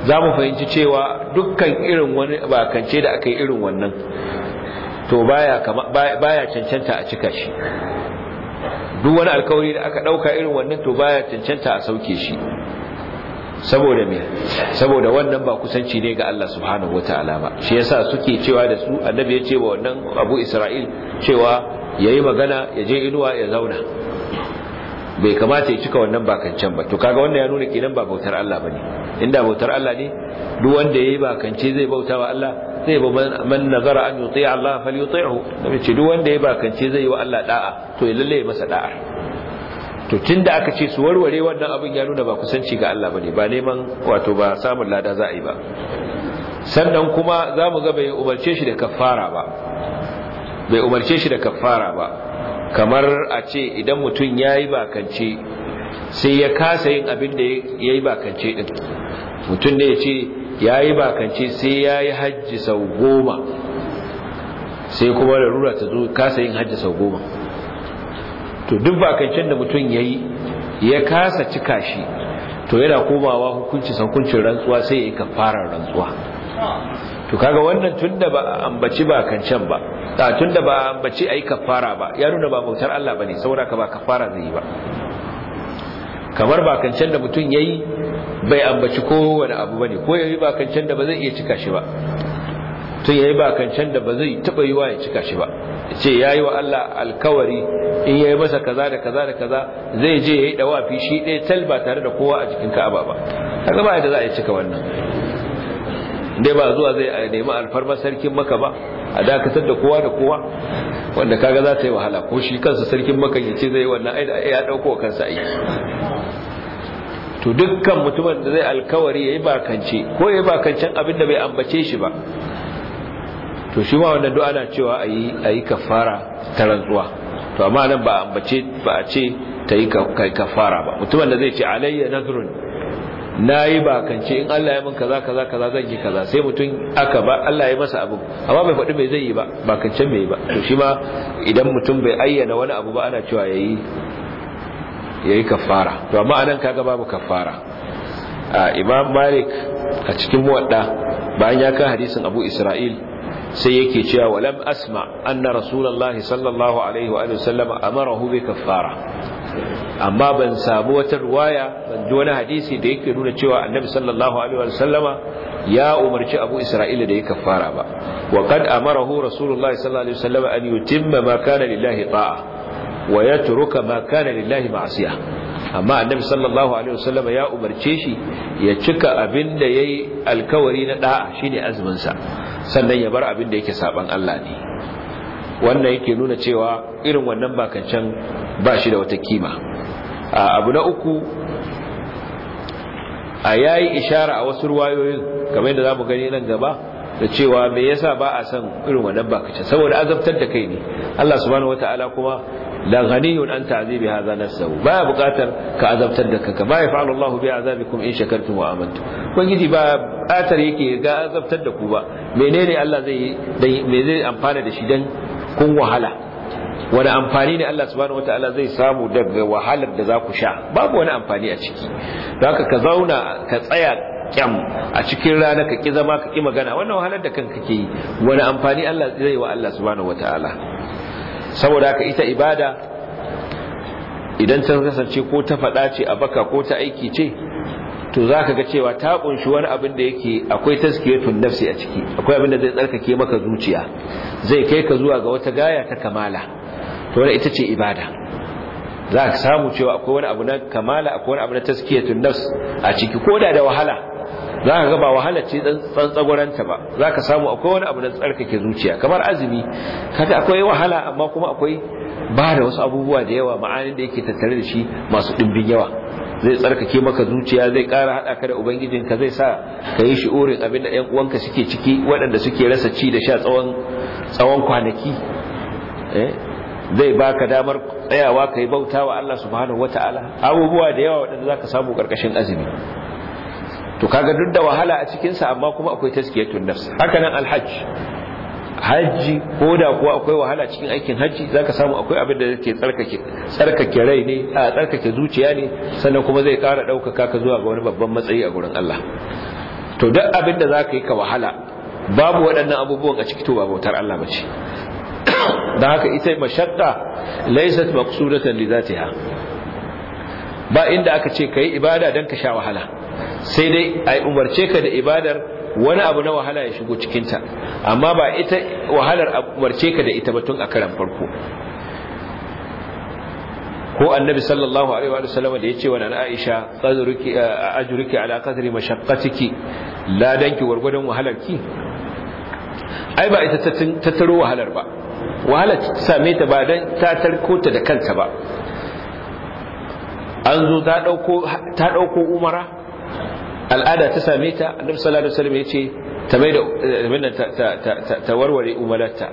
za mu fahimci cewa dukkan irin wani bakance da aka yi irin wannan to baya baya cancanta a cika shi duk wani alkawari da aka dauka irin wannan to baya cancanta a sauke shi saboda me saboda wannan ba kusanci ne ga Allah subhanahu wataala ba shi yasa suke cewa da su annabi ya ce wa wannan Abu Isra'il cewa yayi magana ya je inuwa ya zauna bai kamata ya cika wannan bakancen ba to kaga wannan ya nuna kenan ba bautar Allah bane inda bautar Allah ne duk wanda yayi bakance zai bauta wa Allah zai ba man nazara an yuti Allah falyuti'hu nabi ce duk wanda yayi bakance zai yi wa Allah da'a to ya lalle masa da'a to tunda aka ce su warware wannan abin ya nuna ba kusanci ga Allah bane ba neman wato ba samun lada za a yi ba sannan kuma zamu ga bai umarce shi da kaffara ba bai umarce shi da kaffara ba kamar a ce idan mutum ya yi bakance sai ya kasa yin abin da ya yi bakance ɗin mutum da ya ce ya yi bakance sai ya yi hajji sau goma sai kuma larura ta zo kasa yin hajji sau goma to duk bakancen da mutum ya yi ya kasa cika shi to yana komawa hukunci sankuncin rantsuwa sai ya yi kafarar rantsuwa to kaga wannan tunda ba ambaci ba kancan ba ta tunda ba ambaci ai kafara ba ya nuna ba bautar Allah bane saboda ka ba kafara zai yi ba kamar ba kancan da mutum yayi bai ambaci kowane abu bane ko yayi ba kancan da ba zai iya cika shi ba tun yayi ba kancan da ba zai taba yi wa ya cika shi ba ce yayi wa Allah alkawari in yayi masa kaza da kaza da kaza zai je yayi dawafi shi ɗaya tal ba tare da kowa a jikin Ka'aba ba kaga ba da za a cika wannan dai ba zuwa zai a nemi alfarma sarkin maka ba a dakatar da kowa da kowa wanda kaga za ta yi wahala ko shi kansa sarkin maka ya ce zai yi wannan aida ya dauko kansa aiki to dukkan mutumin da zai alkawari yi bakance ko ya yi bakancen abin da bai ambace shi ba to shi ma wannan du'a na cewa ayi yi kafara ta rantsuwa to amma nan ba ambace ba a ce ta yi kafara ba mutumin da zai ce alayya nazrun nayi bakance in Allah ya min kaza kaza kaza zan yi kaza sai mutum aka ba Allah ya masa abu amma bai faɗi mai zai yi ba bakance mai ba to shi ma idan mutum bai ayyana wani abu ba ana cewa yayi yayi kafara to amma anan kaga babu kafara Imam Malik a cikin muwadda bayan ya kai hadisin Abu Isra'il sai yake cewa walam asma anna rasulullahi sallallahu alaihi wa sallam amarahu bi kaffara amma ban samu wata ruwaya ban ji wani hadisi da yake nuna cewa annabi sallallahu alaihi wasallama ya umarci abu isra'ila da ya kafara ba wa qad amarahu rasulullah sallallahu alaihi wasallama an yutimma ma kana lillahi ta'a wa yatruka ma kana lillahi ma'siya amma annabi sallallahu alaihi wasallama ya umarce shi ya cika abin da yayi alkawari na da'a shine azumin sa sannan ya bar abin da yake saban Allah ne wannan yake nuna cewa irin wannan bakancan ba shi da wata kima abu na uku a yayi ishara a wasu ruwayoyin kamar yadda zamu gani nan gaba da cewa me yasa ba a san irin wannan bakace saboda azabtar da kai ne Allah subhanahu wataala kuma la ghaniyun an ta'zibi hadha nafsuhu ba buƙatar ka azabtar da kanka ba yafa'alu Allah bi azabikum in shakartum wa amantum ubangiji ba atar yake ga azabtar da ku ba menene Allah zai me zai amfana da shi dan kun wahala wani amfani ne Allah subhanahu wataala zai samu daga wahalar da za ku sha babu wani amfani a ciki don ka zauna ka tsaya kyam a cikin rana ka ki zama ka ki magana wannan wahalar da kanka ke yi wani amfani Allah zai wa Allah subhanahu wataala saboda haka ita ibada idan ta kasance ko ta faɗa ce a baka ko ta aiki ce to za ka ga cewa ta kunshi wani abin da yake akwai tazkiyatun nafsi a ciki akwai abin da zai tsarkake maka zuciya zai kai ka zuwa ga wata gaya ta kamala to wani ita ce ibada za ka samu cewa akwai wani abu na kamala akwai wani abu na tazkiyatun nafs a ciki ko da da wahala za ka ga ba wahala ce tsantsagoranta ba za ka samu akwai wani abu na tsarkake zuciya kamar azumi kaga akwai wahala amma kuma akwai ba da wasu abubuwa da yawa ma'anin da yake tattare da shi masu ɗimbin yawa zai tsarkake maka zuciya zai kara haɗa ka da ka zai sa ka yi shi'urin abin da 'yan uwanka suke ciki waɗanda suke rasa ci da sha tsawon kwanaki eh? zai baka damar tsayawa ka yi bauta wa Allah subhanahu wata'ala abubuwa da yawa waɗanda za ka samu ƙarƙashin azumi to kaga duk da wahala a cikin sa amma kuma akwai taskiyatun nafs haka nan alhajj hajji ko da kuwa akwai wahala cikin aikin hajji za ka samu akwai abin da zai tsarkake rai ne a tsarkake zuciya ne sannan kuma zai kara ɗaukaka ka zuwa ga wani babban matsayi a gurin Allah to duk abin da za ka yi ka wahala babu waɗannan abubuwan a ciki to ba bautar Allah mace da haka ita mashaqqa laysat maqsudatan li zatiha ba inda aka ce ka yi ibada dan ka sha wahala sai dai a umarce ka da ibadar wani abu na wahala ya shigo cikinta amma ba ita wahalar umarce ka da ita ba tun a karan farko ko annabi sallallahu alaihi wa sallam da yace wa nana Aisha qadruki ajruki ala qadri mashaqqatiki la danki wargwadon wahalarki ai ba ita ta taro wahalar ba wahalar ta same ta ba dan ta tarko ta da kanta ba an zo ta dauko ta dauko umara al'ada ta same ta annabi sallallahu alaihi wasallam yace ta mai da eh, ta warware umarta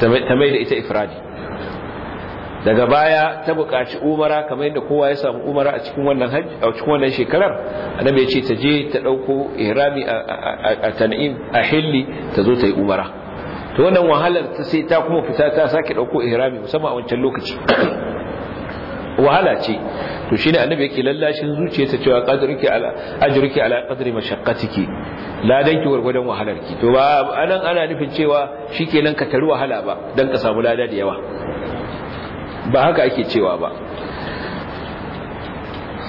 ta mai da ita ifradi daga baya ta buƙaci umara kamar yadda kowa ya samu umara a cikin wannan a cikin wannan shekarar annabi ya ce ta je ta dauko ihrami a tan'im a hilli ta zo ta yi umara to wannan wahalar ta sai ta kuma fita ta sake dauko ihrami musamman a wancan lokaci wahala ce to shine annabi yake lallashin zuciyarsa cewa qadruki ala ajruki ala qadri mashaqqatiki ladanki gwargwadon wahalarki to ba anan ana nufin cewa shikenan ka taru wahala ba dan ka samu lada da yawa ba haka ake cewa ba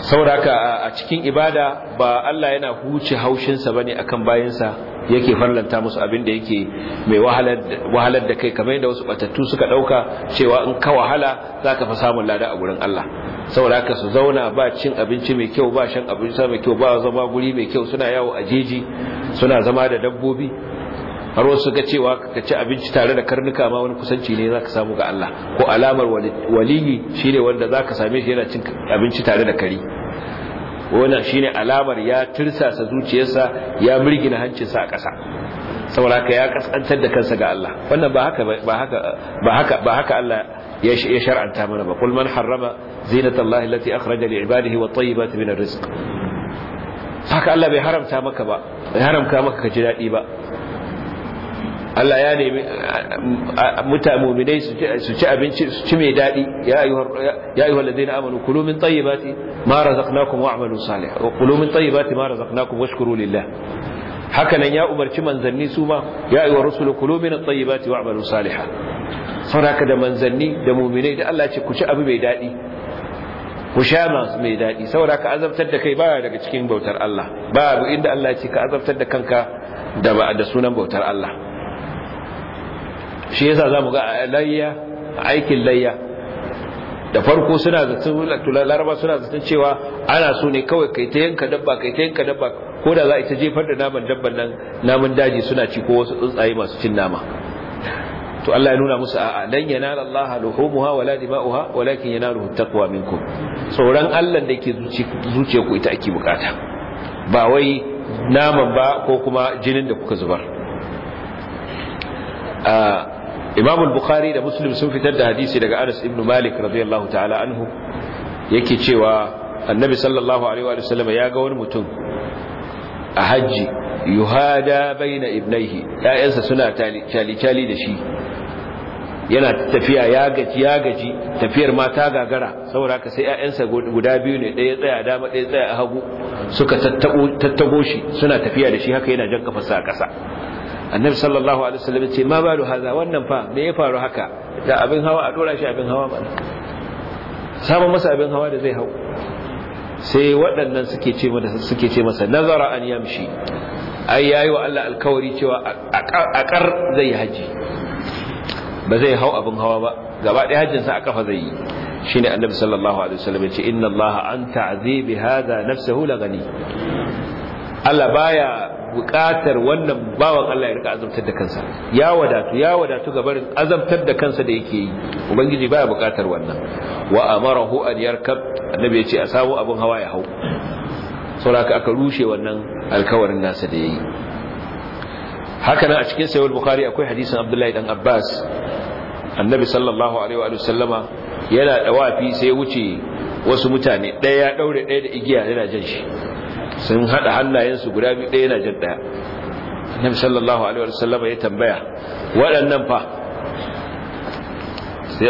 sauraka a cikin ibada ba Allah yana huce haushinsa bane akan bayansa yake farlanta musu abin da yake mai wahalar da kai kamar yadda wasu batattu suka dauka cewa in ka wahala zaka fa samun lada a gurin Allah sauraka su zauna ba cin abinci mai kyau ba shan abinci mai kyau ba zama guri mai kyau suna yawo a jeji suna zama da dabbobi har wasu ga cewa ka ci abinci tare da karnuka ma wani kusanci ne zaka samu ga Allah ko alamar waliyi shine wanda zaka same shi yana cin abinci tare da kari shi shine alamar ya tirsasa zuciyarsa ya mirgina hancinsa a ƙasa saboda ka ya kaskantar da kansa ga Allah wannan ba haka ba haka ba haka ba haka Allah ya shar'anta mana ba kul man harrama zinatallahi allati akhraja li ibadihi wat tayyibati min ar-rizq haka Allah bai haramta maka ba bai haramta maka ka ji dadi ba Allah ya nemi mutane mu'minai su ci abinci su ci mai daɗi ya yi ayyuhal ya ayyuhal ladina amanu kulu min tayyibati ma razaqnakum wa'malu salih wa kulu min tayyibati ma razaqnakum washkuru lillah hakanan ya umarci manzanni su ma ya wa rusulu kulu ba at-tayyibati wa'malu salih saboda da manzanni da mu'minai da Allah ce ku ci abu mai daɗi ku sha masu mai daɗi saboda ka azabtar da kai ba daga cikin bautar Allah ba abu inda Allah ce ka azabtar da kanka da sunan bautar Allah shi yasa zamu ga layya aikin layya da farko suna zaton laraba suna zaton cewa ana so ne kawai kai ta yanka dabba kai ta yanka dabba ko da za a ita jefar da naman dabban nan namun daji suna ci ko wasu tsuntsaye masu cin nama to Allah ya nuna musu a'a lan yanala Allah luhumuha wala dima'uha walakin yanaluhu taqwa minkum tsoron Allah da yake zuciya ku ita ake bukata ba wai naman ba ko kuma jinin da kuka zubar ah, Imam al-Bukhari da Muslim sun fitar da hadisi daga Anas ibn Malik radiyallahu ta'ala anhu yake cewa Annabi sallallahu alaihi wa sallam ya ga wani mutum a haji yuhada baina ibnaihi ƴaƴansa suna tali-tali da shi yana tafiya ya gaji ya gaji tafiyar ma ta gagara saboda ka sai ƴaƴansa guda biyu ne ɗaya tsaya dama ɗaya tsaya a hagu suka tattago shi suna tafiya da shi haka yana jan kafarsa a ƙasa annabi sallallahu alaihi wasallam ya ce ma balu haza wannan fa me ya faru haka da abin hawa a dora shi abin hawa ba. samun masa abin hawa da zai hau sai waɗannan suke ce masa suke ce masa nazara an yamshi ai yayi wa Allah alkawari cewa akar zai haji ba zai hau abin hawa ba gaba ɗaya hajjin sa a kafa zai yi shine annabi sallallahu alaihi wasallam ya ce inna Allah an ta'zibi hadha nafsuhu la gani Allah baya buƙatar wannan bawan Allah ya rika azabtar da kansa ya wadatu ya wadatu ga barin azabtar da kansa da yake yi ubangiji baya buƙatar wannan wa amarahu an yarkab annabi ya ce a samu abun hawa ya hau saboda aka rushe wannan alkawarin nasa da yayi haka nan a cikin sahih bukhari akwai hadisin abdullahi dan abbas annabi sallallahu alaihi wa sallama yana dawafi sai wuce wasu mutane ɗaya ya daure ɗaya da igiya yana jan shi sun hada hannayensu guda biyu ɗaya na jin ɗaya annabi sallallahu alaihi wasallam ya tambaya waɗannan fa sai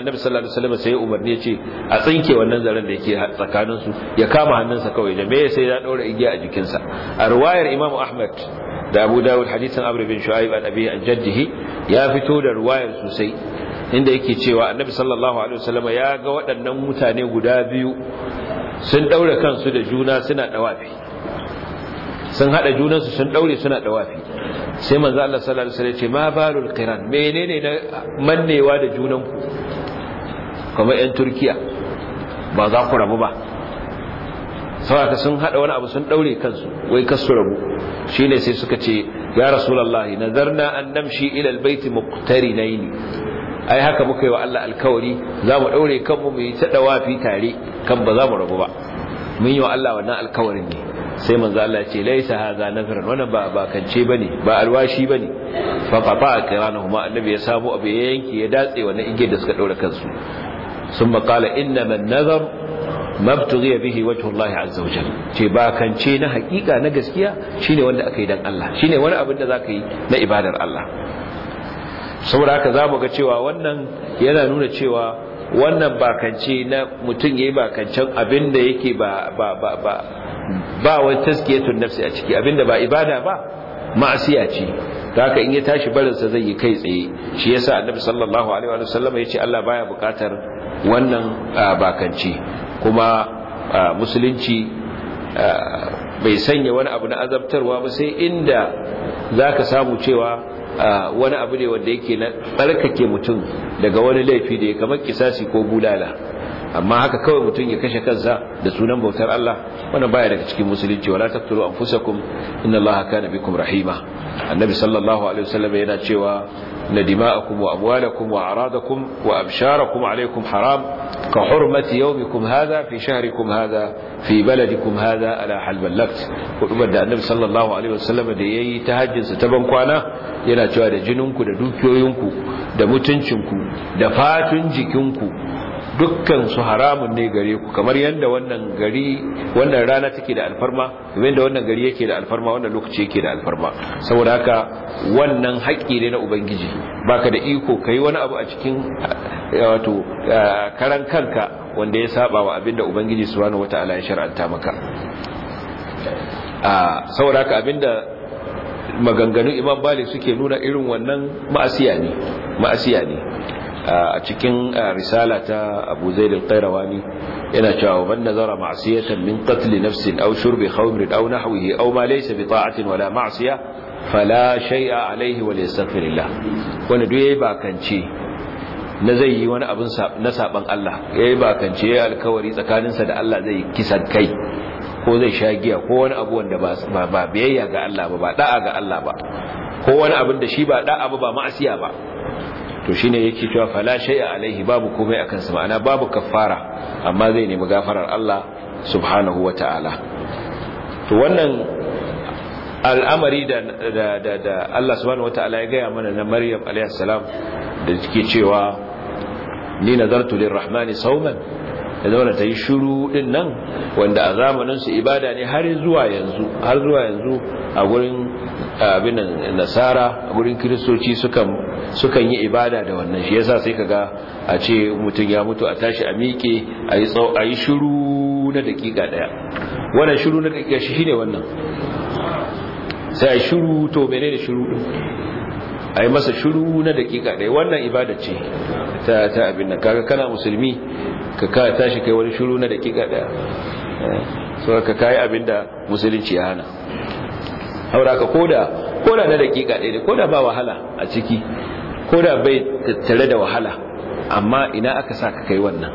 annabi sallallahu alaihi wasallam sai umarni ya ce a tsinke wannan zaren da yake tsakanin su ya kama hannunsa kawai da me sai ya daura igiya a jikinsa a riwayar Imam ahmad da abu dawud hadisin abu bin shu'aib an abi an jaddihi ya fito da riwayar sosai inda yake cewa annabi sallallahu alaihi wasallam ya ga waɗannan mutane guda biyu sun daure kansu da juna suna dawafi sun hada junansu sun daure suna dawafi sai manzo Allah sallallahu alaihi wasallam ya ce ma barul qiran menene na mannewa da junanku kamar yan turkiya ba za ku rabu ba saboda sun hada wani abu sun daure kansu wai kasu rabu shine sai suka ce ya rasulullahi nazarna an namshi ila albayt muqtarinaini ai haka muka yi wa Allah alkawari za mu ɗaure kanmu mu yi ta wafi tare kan ba za mu rabu ba mun yi wa Allah wannan alkawarin ne sai manzo Allah ya ce laisa hadha nazar wannan ba ba kance bane ba alwashi bane fa fa fa kiranahuma annabi ya samu abu ya yanke ya datse wannan igiyar da suka ɗaura kansu summa qala innama an-nazar mabtughiya bihi wajhu Allah azza wa jalla ce ba kance na hakika na gaskiya shine wanda yi dan Allah shine wani abin da zaka yi na ibadar Allah saboda haka za mu ga cewa wannan yana nuna cewa wannan bakance na mutum ya yi bakancen abinda yake ba ba ba ba nafsi a ciki abinda ba ibada ba ma'asiya ce ta haka in ya tashi barinsa zai yi kai tsaye shi ya yasa annabi sallallahu alaihi wa sallama ya ce Allah baya bukatar wannan bakanci. kuma musulunci bai sanya wani abu na azabtarwa ba sai inda za ka samu cewa wani abu ne wanda yake na tsarkake mutum daga wani laifi da ya kamar kisasi ko bulala amma haka kawai mutum ya kashe kansa da sunan bautar Allah wannan baya daga cikin musulunci wala taqtulu anfusakum inna Allaha kana bikum rahima annabi sallallahu alaihi wasallam yana cewa inna dima'akum wa amwalakum wa aradakum wa absharakum alaikum haram ka hurmati yawmikum hadha fi shahrikum hadha fi baladikum hadha ala hal ballagt da annabi sallallahu alaihi wasallam da yayi tahajjin sa ta bankwana kwana yana cewa da jininku da dukiyoyinku da mutuncinku da fatun jikinku dukkan su haramun ne gare ku kamar yadda wannan gari wannan rana take da alfarma kamar yadda wannan gari yake da alfarma wannan lokaci yake da alfarma saboda haka wannan haƙƙi ne na ubangiji baka da iko kai wani abu a cikin eh, wato eh, karan kanka wanda ya saba wa abinda ubangiji subhanahu wataala ya shar'anta maka a ah, saboda haka abinda maganganun imam bali suke nuna irin wannan ma'asiya ne ma'asiya ne a cikin risala ta abu da al-qayrawani yana cewa man nazara ma'asiyatan min qatl nafsin aw shurbi khamrin aw nahwihi aw ma laysa bi ta'atin wala ma'siya fala shay'a alayhi wa yastaghfirillah wani duk yayi bakance na zai yi wani abin na saban Allah yayi bakance yayi alkawari tsakaninsa da Allah zai kisan kai ko zai sha giya ko wani abu wanda ba biyayya ga Allah ba ba da'a ga Allah ba ko wani abin da shi ba da'a ba ba ma'asiya ba to shine yake cewa fala shay'a alaihi babu komai akan sa ma'ana babu kaffara amma zai nemi gafarar Allah subhanahu wata'ala to wannan al'amari da Allah subhanahu wata'ala ya gaya mana na Maryam alaihi salam da take cewa ni nazartu lirrahmani sawman da zama ta yi shuru din nan wanda a zamaninsu ibada ne har zuwa yanzu har zuwa yanzu a gurin abin nasara gurin kiristoci sukan yi ibada da wannan shi yasa sai kaga a ce mutum ya mutu a tashi a miƙe a yi shuru shiru na daƙiƙa ɗaya. wannan shiru na daƙiƙa shi ne wannan sai a shiru to menene shiru a ayi masa shiru na daƙiƙa ɗaya wannan ibada ce ta ta abin nan kaga kana musulmi ka ka tashi kai wani shiru na daƙiƙa ɗaya? Eh, so ka kai abinda musulunci ya hana hauraka koda koda na dakika ɗaya koda ba wahala a ciki koda bai tattare da wahala amma ina aka sa ka kai wannan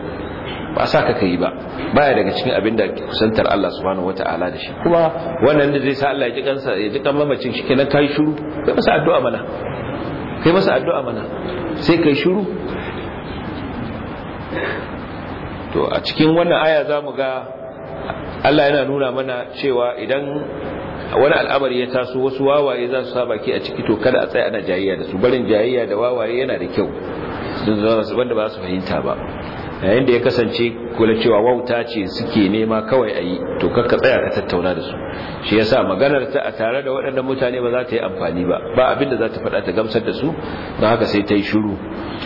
ba sa ka kai ba baya daga cikin abin da kusantar Allah subhanahu wataala da shi kuma wannan da zai sa Allah ya ji kansa ya ji kan mamacin shi kenan kai shiru kai masa addu'a mana kai masa addu'a mana sai kai shiru to a cikin wannan aya zamu ga Allah yana nuna mana cewa idan wani al'amari ya taso wasu wawaye za su sa baki a ciki to kada a tsaya ana jayayya da su barin jayayya da wawaye yana da kyau su banda ba su fahimta ba yayin da ya kasance kula cewa wauta ce suke nema kawai a yi to kakka tsaya ka tattauna da su shi yasa maganar ta a tare da waɗannan mutane ba za ta yi amfani ba ba abinda za ta faɗa ta gamsar da su ba haka sai ta yi shiru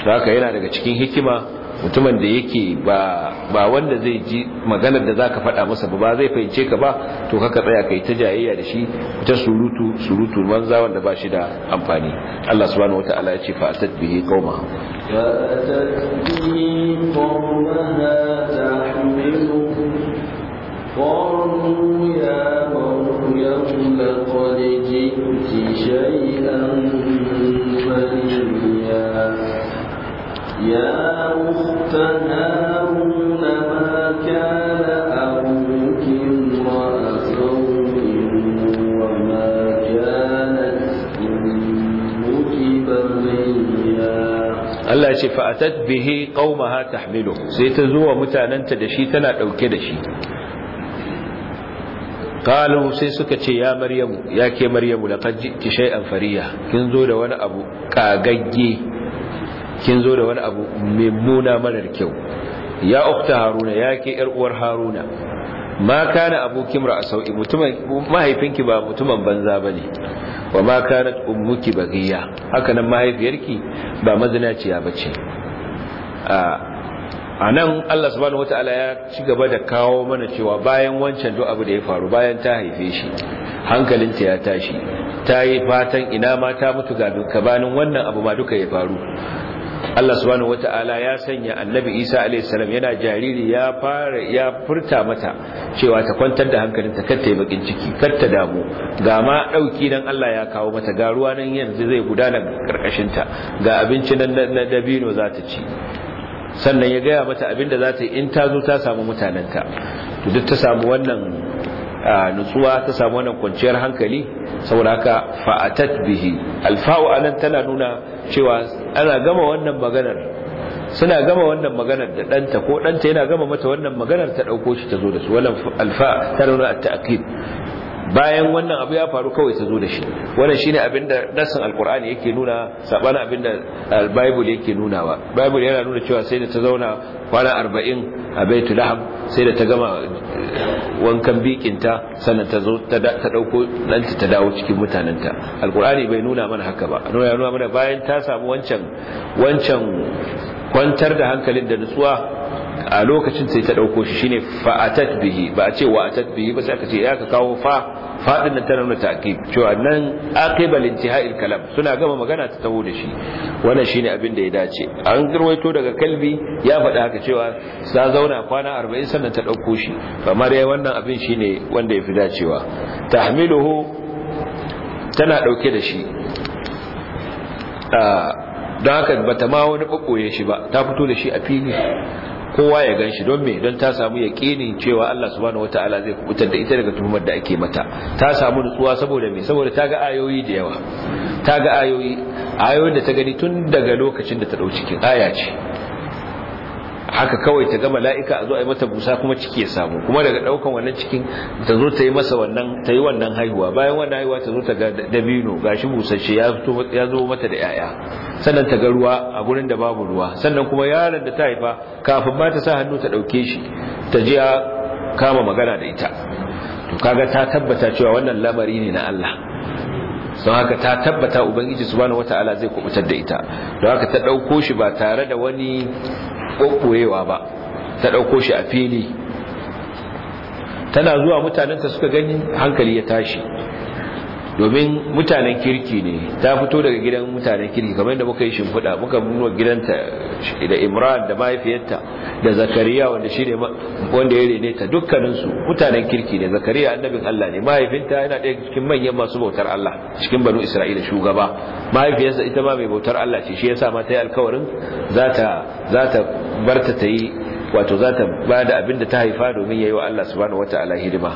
haka yana daga cikin hikima mutumin da yake ba ba wanda zai ji maganar da zaka faɗa masa ba zai fahimce ka ba to kaka tsaya kai ta jayayya da shi ta surutu surutu manza wanda ba shi da amfani Allah subhanahu wataala ya ce fa asad bihi qauma fa bihi qaumaha tahmilu فأتت به قومها تحمله سيتزوى متى ننت دشي تنا أو كدشي قالوا سيسكة يا مريم يا كي مريم لقد جئت شيئا فريا كنزول وانا أبو كاقجي kin zo da wani abu mai muna marar kyau ya ukta haruna ya ke yar uwar haruna ma kana abokin mar'a mutumin mahaifinki ba mutumin banza bane wa ma kanat ummuki bagiya haka nan mahaifiyarki ba mazinaciya bace a nan Allah subhanahu wata'ala ya ci gaba da kawo mana cewa bayan wancan duk abu da ya faru bayan ta haife shi hankalinta ya tashi ta yi fatan ina ma ta mutu dukkanin wannan abu ma duka ya faru Allah subhanahu wataala ya sanya annabi Isa alayhi salam yana jariri ya fara ya furta mata cewa ta kwantar da hankalinta kar ta yi bakin ciki kar ta damu ga ma dauki dan Allah ya kawo mata ga ruwa nan yanzu zai gudana karkashin ta ga abinci nan na dabino za ta ci sannan ya gaya mata abinda za ta yi in ta zo ta samu mutanenta to duk ta samu wannan nutsuwa ta samu wannan kwanciyar hankali sauraka fa'atat bihi alfa'u anan tana nuna cewa ana gama wannan maganar suna gama wannan maganar da danta ko danta yana gama mata wannan maganar ta dauko shi ta zo da su wannan alfa ta nuna at-ta'kid bayan wannan abu ya faru kawai ta zo da shi wannan shine abin da nassin alkur'ani yake nuna sabana abin da bible yake nuna ba bible yana nuna cewa sai da ta zauna kwana 40 a baitul lahab sai da ta gama eh, wankan bikinta sannan ta zo ta dauko danta ta dawo cikin mutanenta alqur'ani bai nuna mana haka ba nuna mana bayan ta samu wancan wancan kwantar da hankalin da nutsuwa a lokacin sai ta dauko shi shine fa'atat bihi ba a ce wa atat bihi ba sai aka ce ya ka kawo fa fadin nan tana nuna ta'qib cewa nan aqibal intihai kalam suna gama magana ta taho da shi wannan shine abin da ya dace an girwaito daga kalbi ya faɗa haka cewa sa zauna kwana 40 sannan ta dauko shi kamar yayin wannan abin shine wanda yafi dacewa tahmiluhu tana dauke da shi ah, don haka bata ma wani ɓaɓɓoye shi ba ta fito da shi a fili kowa ya gan shi don me don ta samu ya ƙinin cewa Allah subhanahu wata'ala zai kubutar da ita daga tuhumar da ake mata ta samu nutsuwa saboda me saboda ta ga ayoyi da yawa ta ga ayoyi ayoyin da ta gani tun daga lokacin da ta ɗau cikin aya ce haka kawai ta gama mala'ika a zo a yi mata busa kuma ciki ya samu kuma daga daukan wannan cikin ta zo ta yi masa wannan ta yi wannan haihuwa bayan wannan haihuwa ta zo ta ga dabino gashi busashe ya zo mata da yaya sannan ta ga ruwa a gurin da babu ruwa sannan kuma yaron da ta haifa kafin ma ta sa hannu ta ɗauke shi ta je kama magana da ita to kaga ta tabbata cewa wannan lamari ne na Allah don haka ta tabbata ubangiji subhanahu wataala zai kubutar da ita don haka ta dauko shi ba tare da wani kokoyewa ba ta dauko shi a fili tana zuwa mutanen ta suka gani hankali ya tashi domin mutanen kirki ne ta fito daga gidan mutanen kirki kamar yadda muka yi shimfiɗa muka nuna gidanta da imran da mahaifiyarta da zakariya wanda shi ne wanda ya rene ta dukkaninsu mutanen kirki ne zakariya annabin allah ne mahaifinta yana ɗaya cikin manyan masu bautar allah cikin banu isra'ila shugaba mahaifiyarsa ita ma mai bautar allah ce shi yasa ma ta yi alkawarin za ta barta ta yi wato za ta ba da abin da ta haifa domin ya yi wa allah subhanahu wataala hidima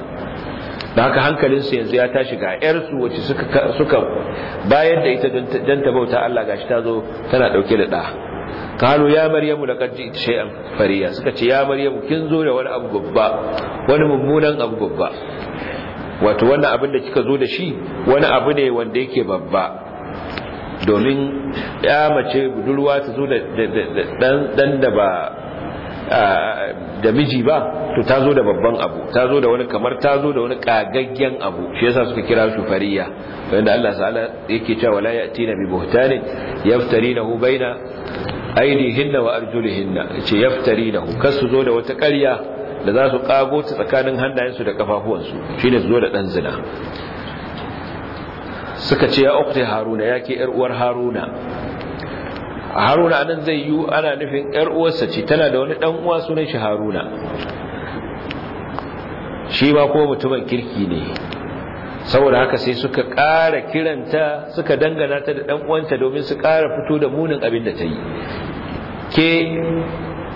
da haka hankalinsu yanzu ya tashi ga yarsu wacce suka bayar da ita don ta bauta Allah gashi ta zo tana dauke da ɗa Kano ya maryamu da ita ji'ti shay'an fariya suka ce ya maryamu kin zo da wani abu babba wani mummunan abu babba wato wannan abin da kika zo da shi wani abu ne wanda yake babba domin ya mace budurwa ta zo da dan da ba da miji ba to ta zo da babban abu ta zo da wani kamar ta zo da wani kagaggen abu shi yasa suka kira su fariya inda Allah ta'ala yake cewa wala yatina bi buhtanin yaftarinahu baina aidihinna wa arjulihinna yace yaftarinahu kasu zo da wata ƙarya da za su kago ta tsakanin hannayensu da kafafuwansu shine su zo da dan zina suka ce ya ukti haruna yake yar uwar haruna haruna anan zai yi ana nufin yar uwarsa ce tana da wani dan uwa sunan shi haruna shi ba ko mutumin kirki ne saboda haka sai suka ƙara kiranta suka dangana ta da dan uwanta domin su kara fito da munin abin da ta yi ke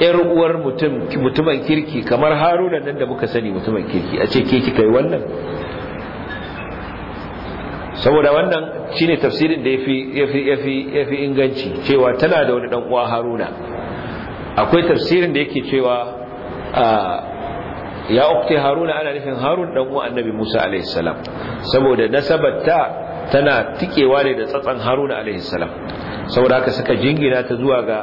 yar uwar mutum mutumin kirki kamar haruna nan da muka sani mutumin kirki a ce ke kika yi wannan saboda wannan shine tafsirin da yafi yafi yafi inganci cewa tana da wani dan uwa Haruna akwai tafsirin da yake cewa ya ukti Haruna ana nufin Harun dan uwa Annabi Musa alaihi salam saboda nasabarta tana tikewa ne da tsatsan Haruna alaihi salam saboda haka suka jingina ta zuwa ga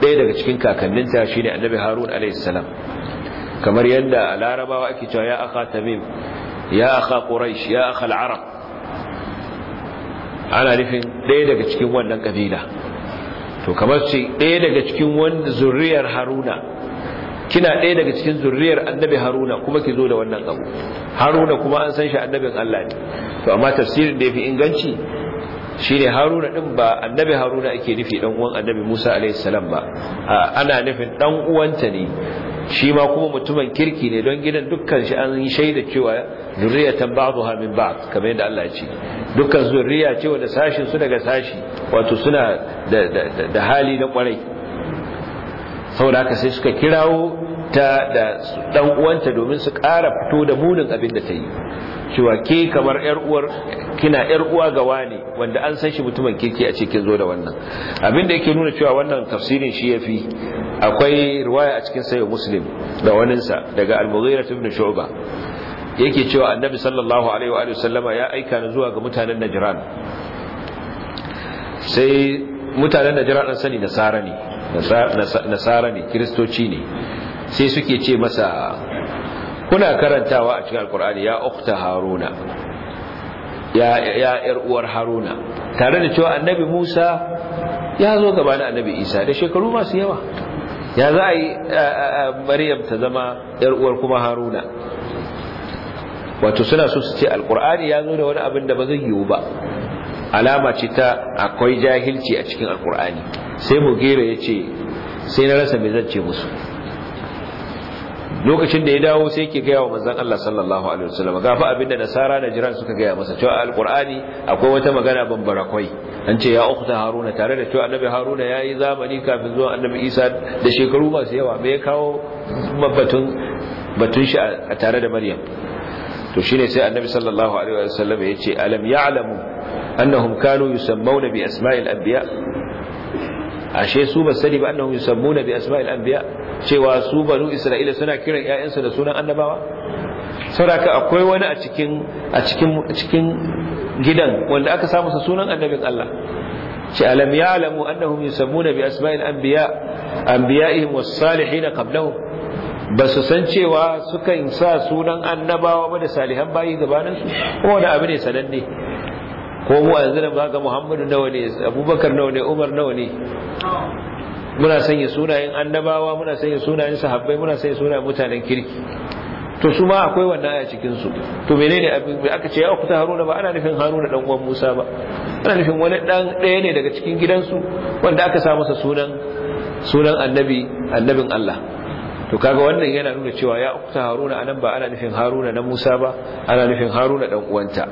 ɗaya daga cikin kakanninta shine Annabi Harun alaihi salam kamar yadda larabawa ake cewa ya akha tamim ya akha quraish ya akha al-arab ana nufin ɗaya daga cikin wannan ƙabila to kamar ce ɗaya daga cikin wani zurriyar haruna kina ɗaya daga cikin zurriyar annabi haruna kuma ki zo da wannan abu haruna kuma an san shi annabin allah ne to amma tafsirin da ya fi inganci shine haruna ɗin ba annabi haruna ake nufi ɗan'uwan annabi musa alaihissalam ba ana nufin ɗan'uwanta uwanta ne shi ma kuma mutumin kirki ne don gidan dukkan shi an shaida cewa ba zuwa min ba kamar yadda Allah ya ce dukkan zurriya ce wanda sashin su daga sashi wato suna da hali na kwarai saboda haka sai suka kirawo ta da dan uwanta domin su ƙara fito da munin abin da ta yi cewa ke kamar yar uwar kina yar uwa ga wani wanda an san shi mutumin kirki a cikin zo da wannan abin da yake nuna cewa wannan tafsirin shi yafi akwai riwaya a cikin sayyid muslim da waninsa daga al-mughira ibn shu'ba yake cewa annabi sallallahu alaihi wa sallama ya aika ni zuwa ga mutanen najran sai mutanen najran an sani nasara ne nasara ne kristoci ne sai suke ce masa kuna karantawa a cikin alkur'ani ya ukhta haruna ya yar uwar haruna tare da cewa annabi musa ya zo gabanin annabi isa da shekaru masu yawa ya za a yi maryam ta zama yar uwar kuma haruna wato suna so su ce alkur'ani ya zo da wani abin da ba zai yiwu ba alama ce ta akwai jahilci a cikin alkur'ani sai mugera ya ce sai na rasa mai zance musu lokacin da ya dawo sai yake gaya wa manzon Allah sallallahu alaihi wasallam ga fa abinda nasara da jiran suka gaya masa cewa alqur'ani akwai wata magana bambara kwai an ce ya ukhta haruna tare da cewa annabi haruna yayi zamani kafin zuwa annabi isa da shekaru masu yawa me ya kawo batun batun shi a tare da maryam to shine sai annabi sallallahu alaihi wasallam ya ce alam ya'lamu annahum kanu yusammawna bi asma'il anbiya ashe su ba sani ba annahum yusammuna bi asma'il anbiya cewa su banu isra'ila suna kiran ƴaƴansu da sunan annabawa saboda akwai wani a cikin a cikin cikin gidan wanda aka samu sa sunan annabin Allah ce alam ya'lamu annahum yusammuna bi asma'il anbiya anbiya'ihim was-salihin qablahum ba su san cewa sukan sa sunan annabawa ba da salihan bayi gabanin su ko wani abu ne sananne ko mu a yanzu da ba ga muhammadu nawa ne abubakar nawa ne umar nawa ne muna sanya sunayen annabawa muna sanya sunayen sahabbai muna sanya sunayen mutanen kirki to su ma akwai wannan aya cikin su to menene abin aka ce ya ta haruna ba ana nufin haruna dan uwan musa ba ana nufin wani dan ɗaya ne daga cikin gidansu wanda aka sa masa sunan sunan annabi annabin Allah to kaga wannan yana nuna cewa ya ta haruna anan ba ana nufin haruna na musa ba ana nufin haruna dan uwanta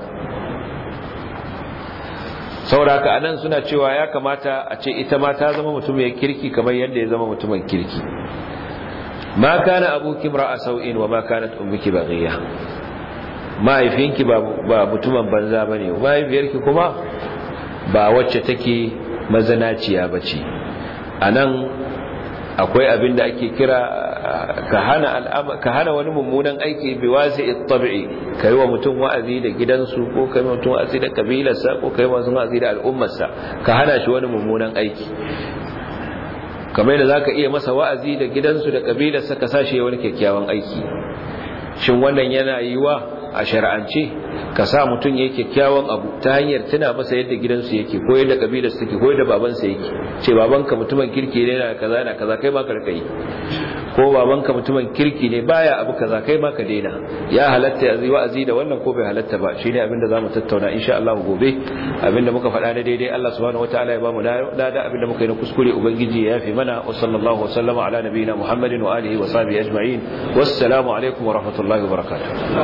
sauraka anan suna cewa ya kamata a ce ita ma ta zama mutum mai kirki kamar yadda ya zama mutumin kirki ma kana abuki mar'a sau'in wa ma kanat ummuki baghiya mahaifinki ba ba mutumin banza bane mahaifiyarki kuma ba wacce take mazanaciya bace anan akwai abin da ake kira ka hana wani mummunan aiki bi wasi ittabi'i kai wa mutum wa'azi da gidansu ko kai mutum wa'azi da kabilarsa ko kai mutum wa'azi da al'ummarsa ka hana shi wani mummunan aiki kamar yadda zaka iya masa wa'azi da gidansu da kabilarsa ka sashi wani kyakkyawan aiki shin wannan yana yiwa a shari'ance ka sa mutum ya kyakkyawan abu ta hanyar tuna masa yadda gidansu yake ko yadda kabilar su take ko yadda babansa yake ce babanka mutumin kirki ne na kaza na kaza kai ma ka rika yi ko babanka mutumin kirki ne baya abu kaza kai ma ka daina ya halatta yazi wa'azi da wannan ko bai halatta ba shine abin da zamu tattauna insha Allah gobe abin da muka faɗa na daidai Allah subhanahu wataala ya bamu lada abin da muka yi na kuskure ubangiji ya yafi mana wa sallallahu wa sallama ala nabiyina Muhammadin wa alihi wa sahbihi ajma'in wassalamu alaikum wa rahmatullahi wa barakatuh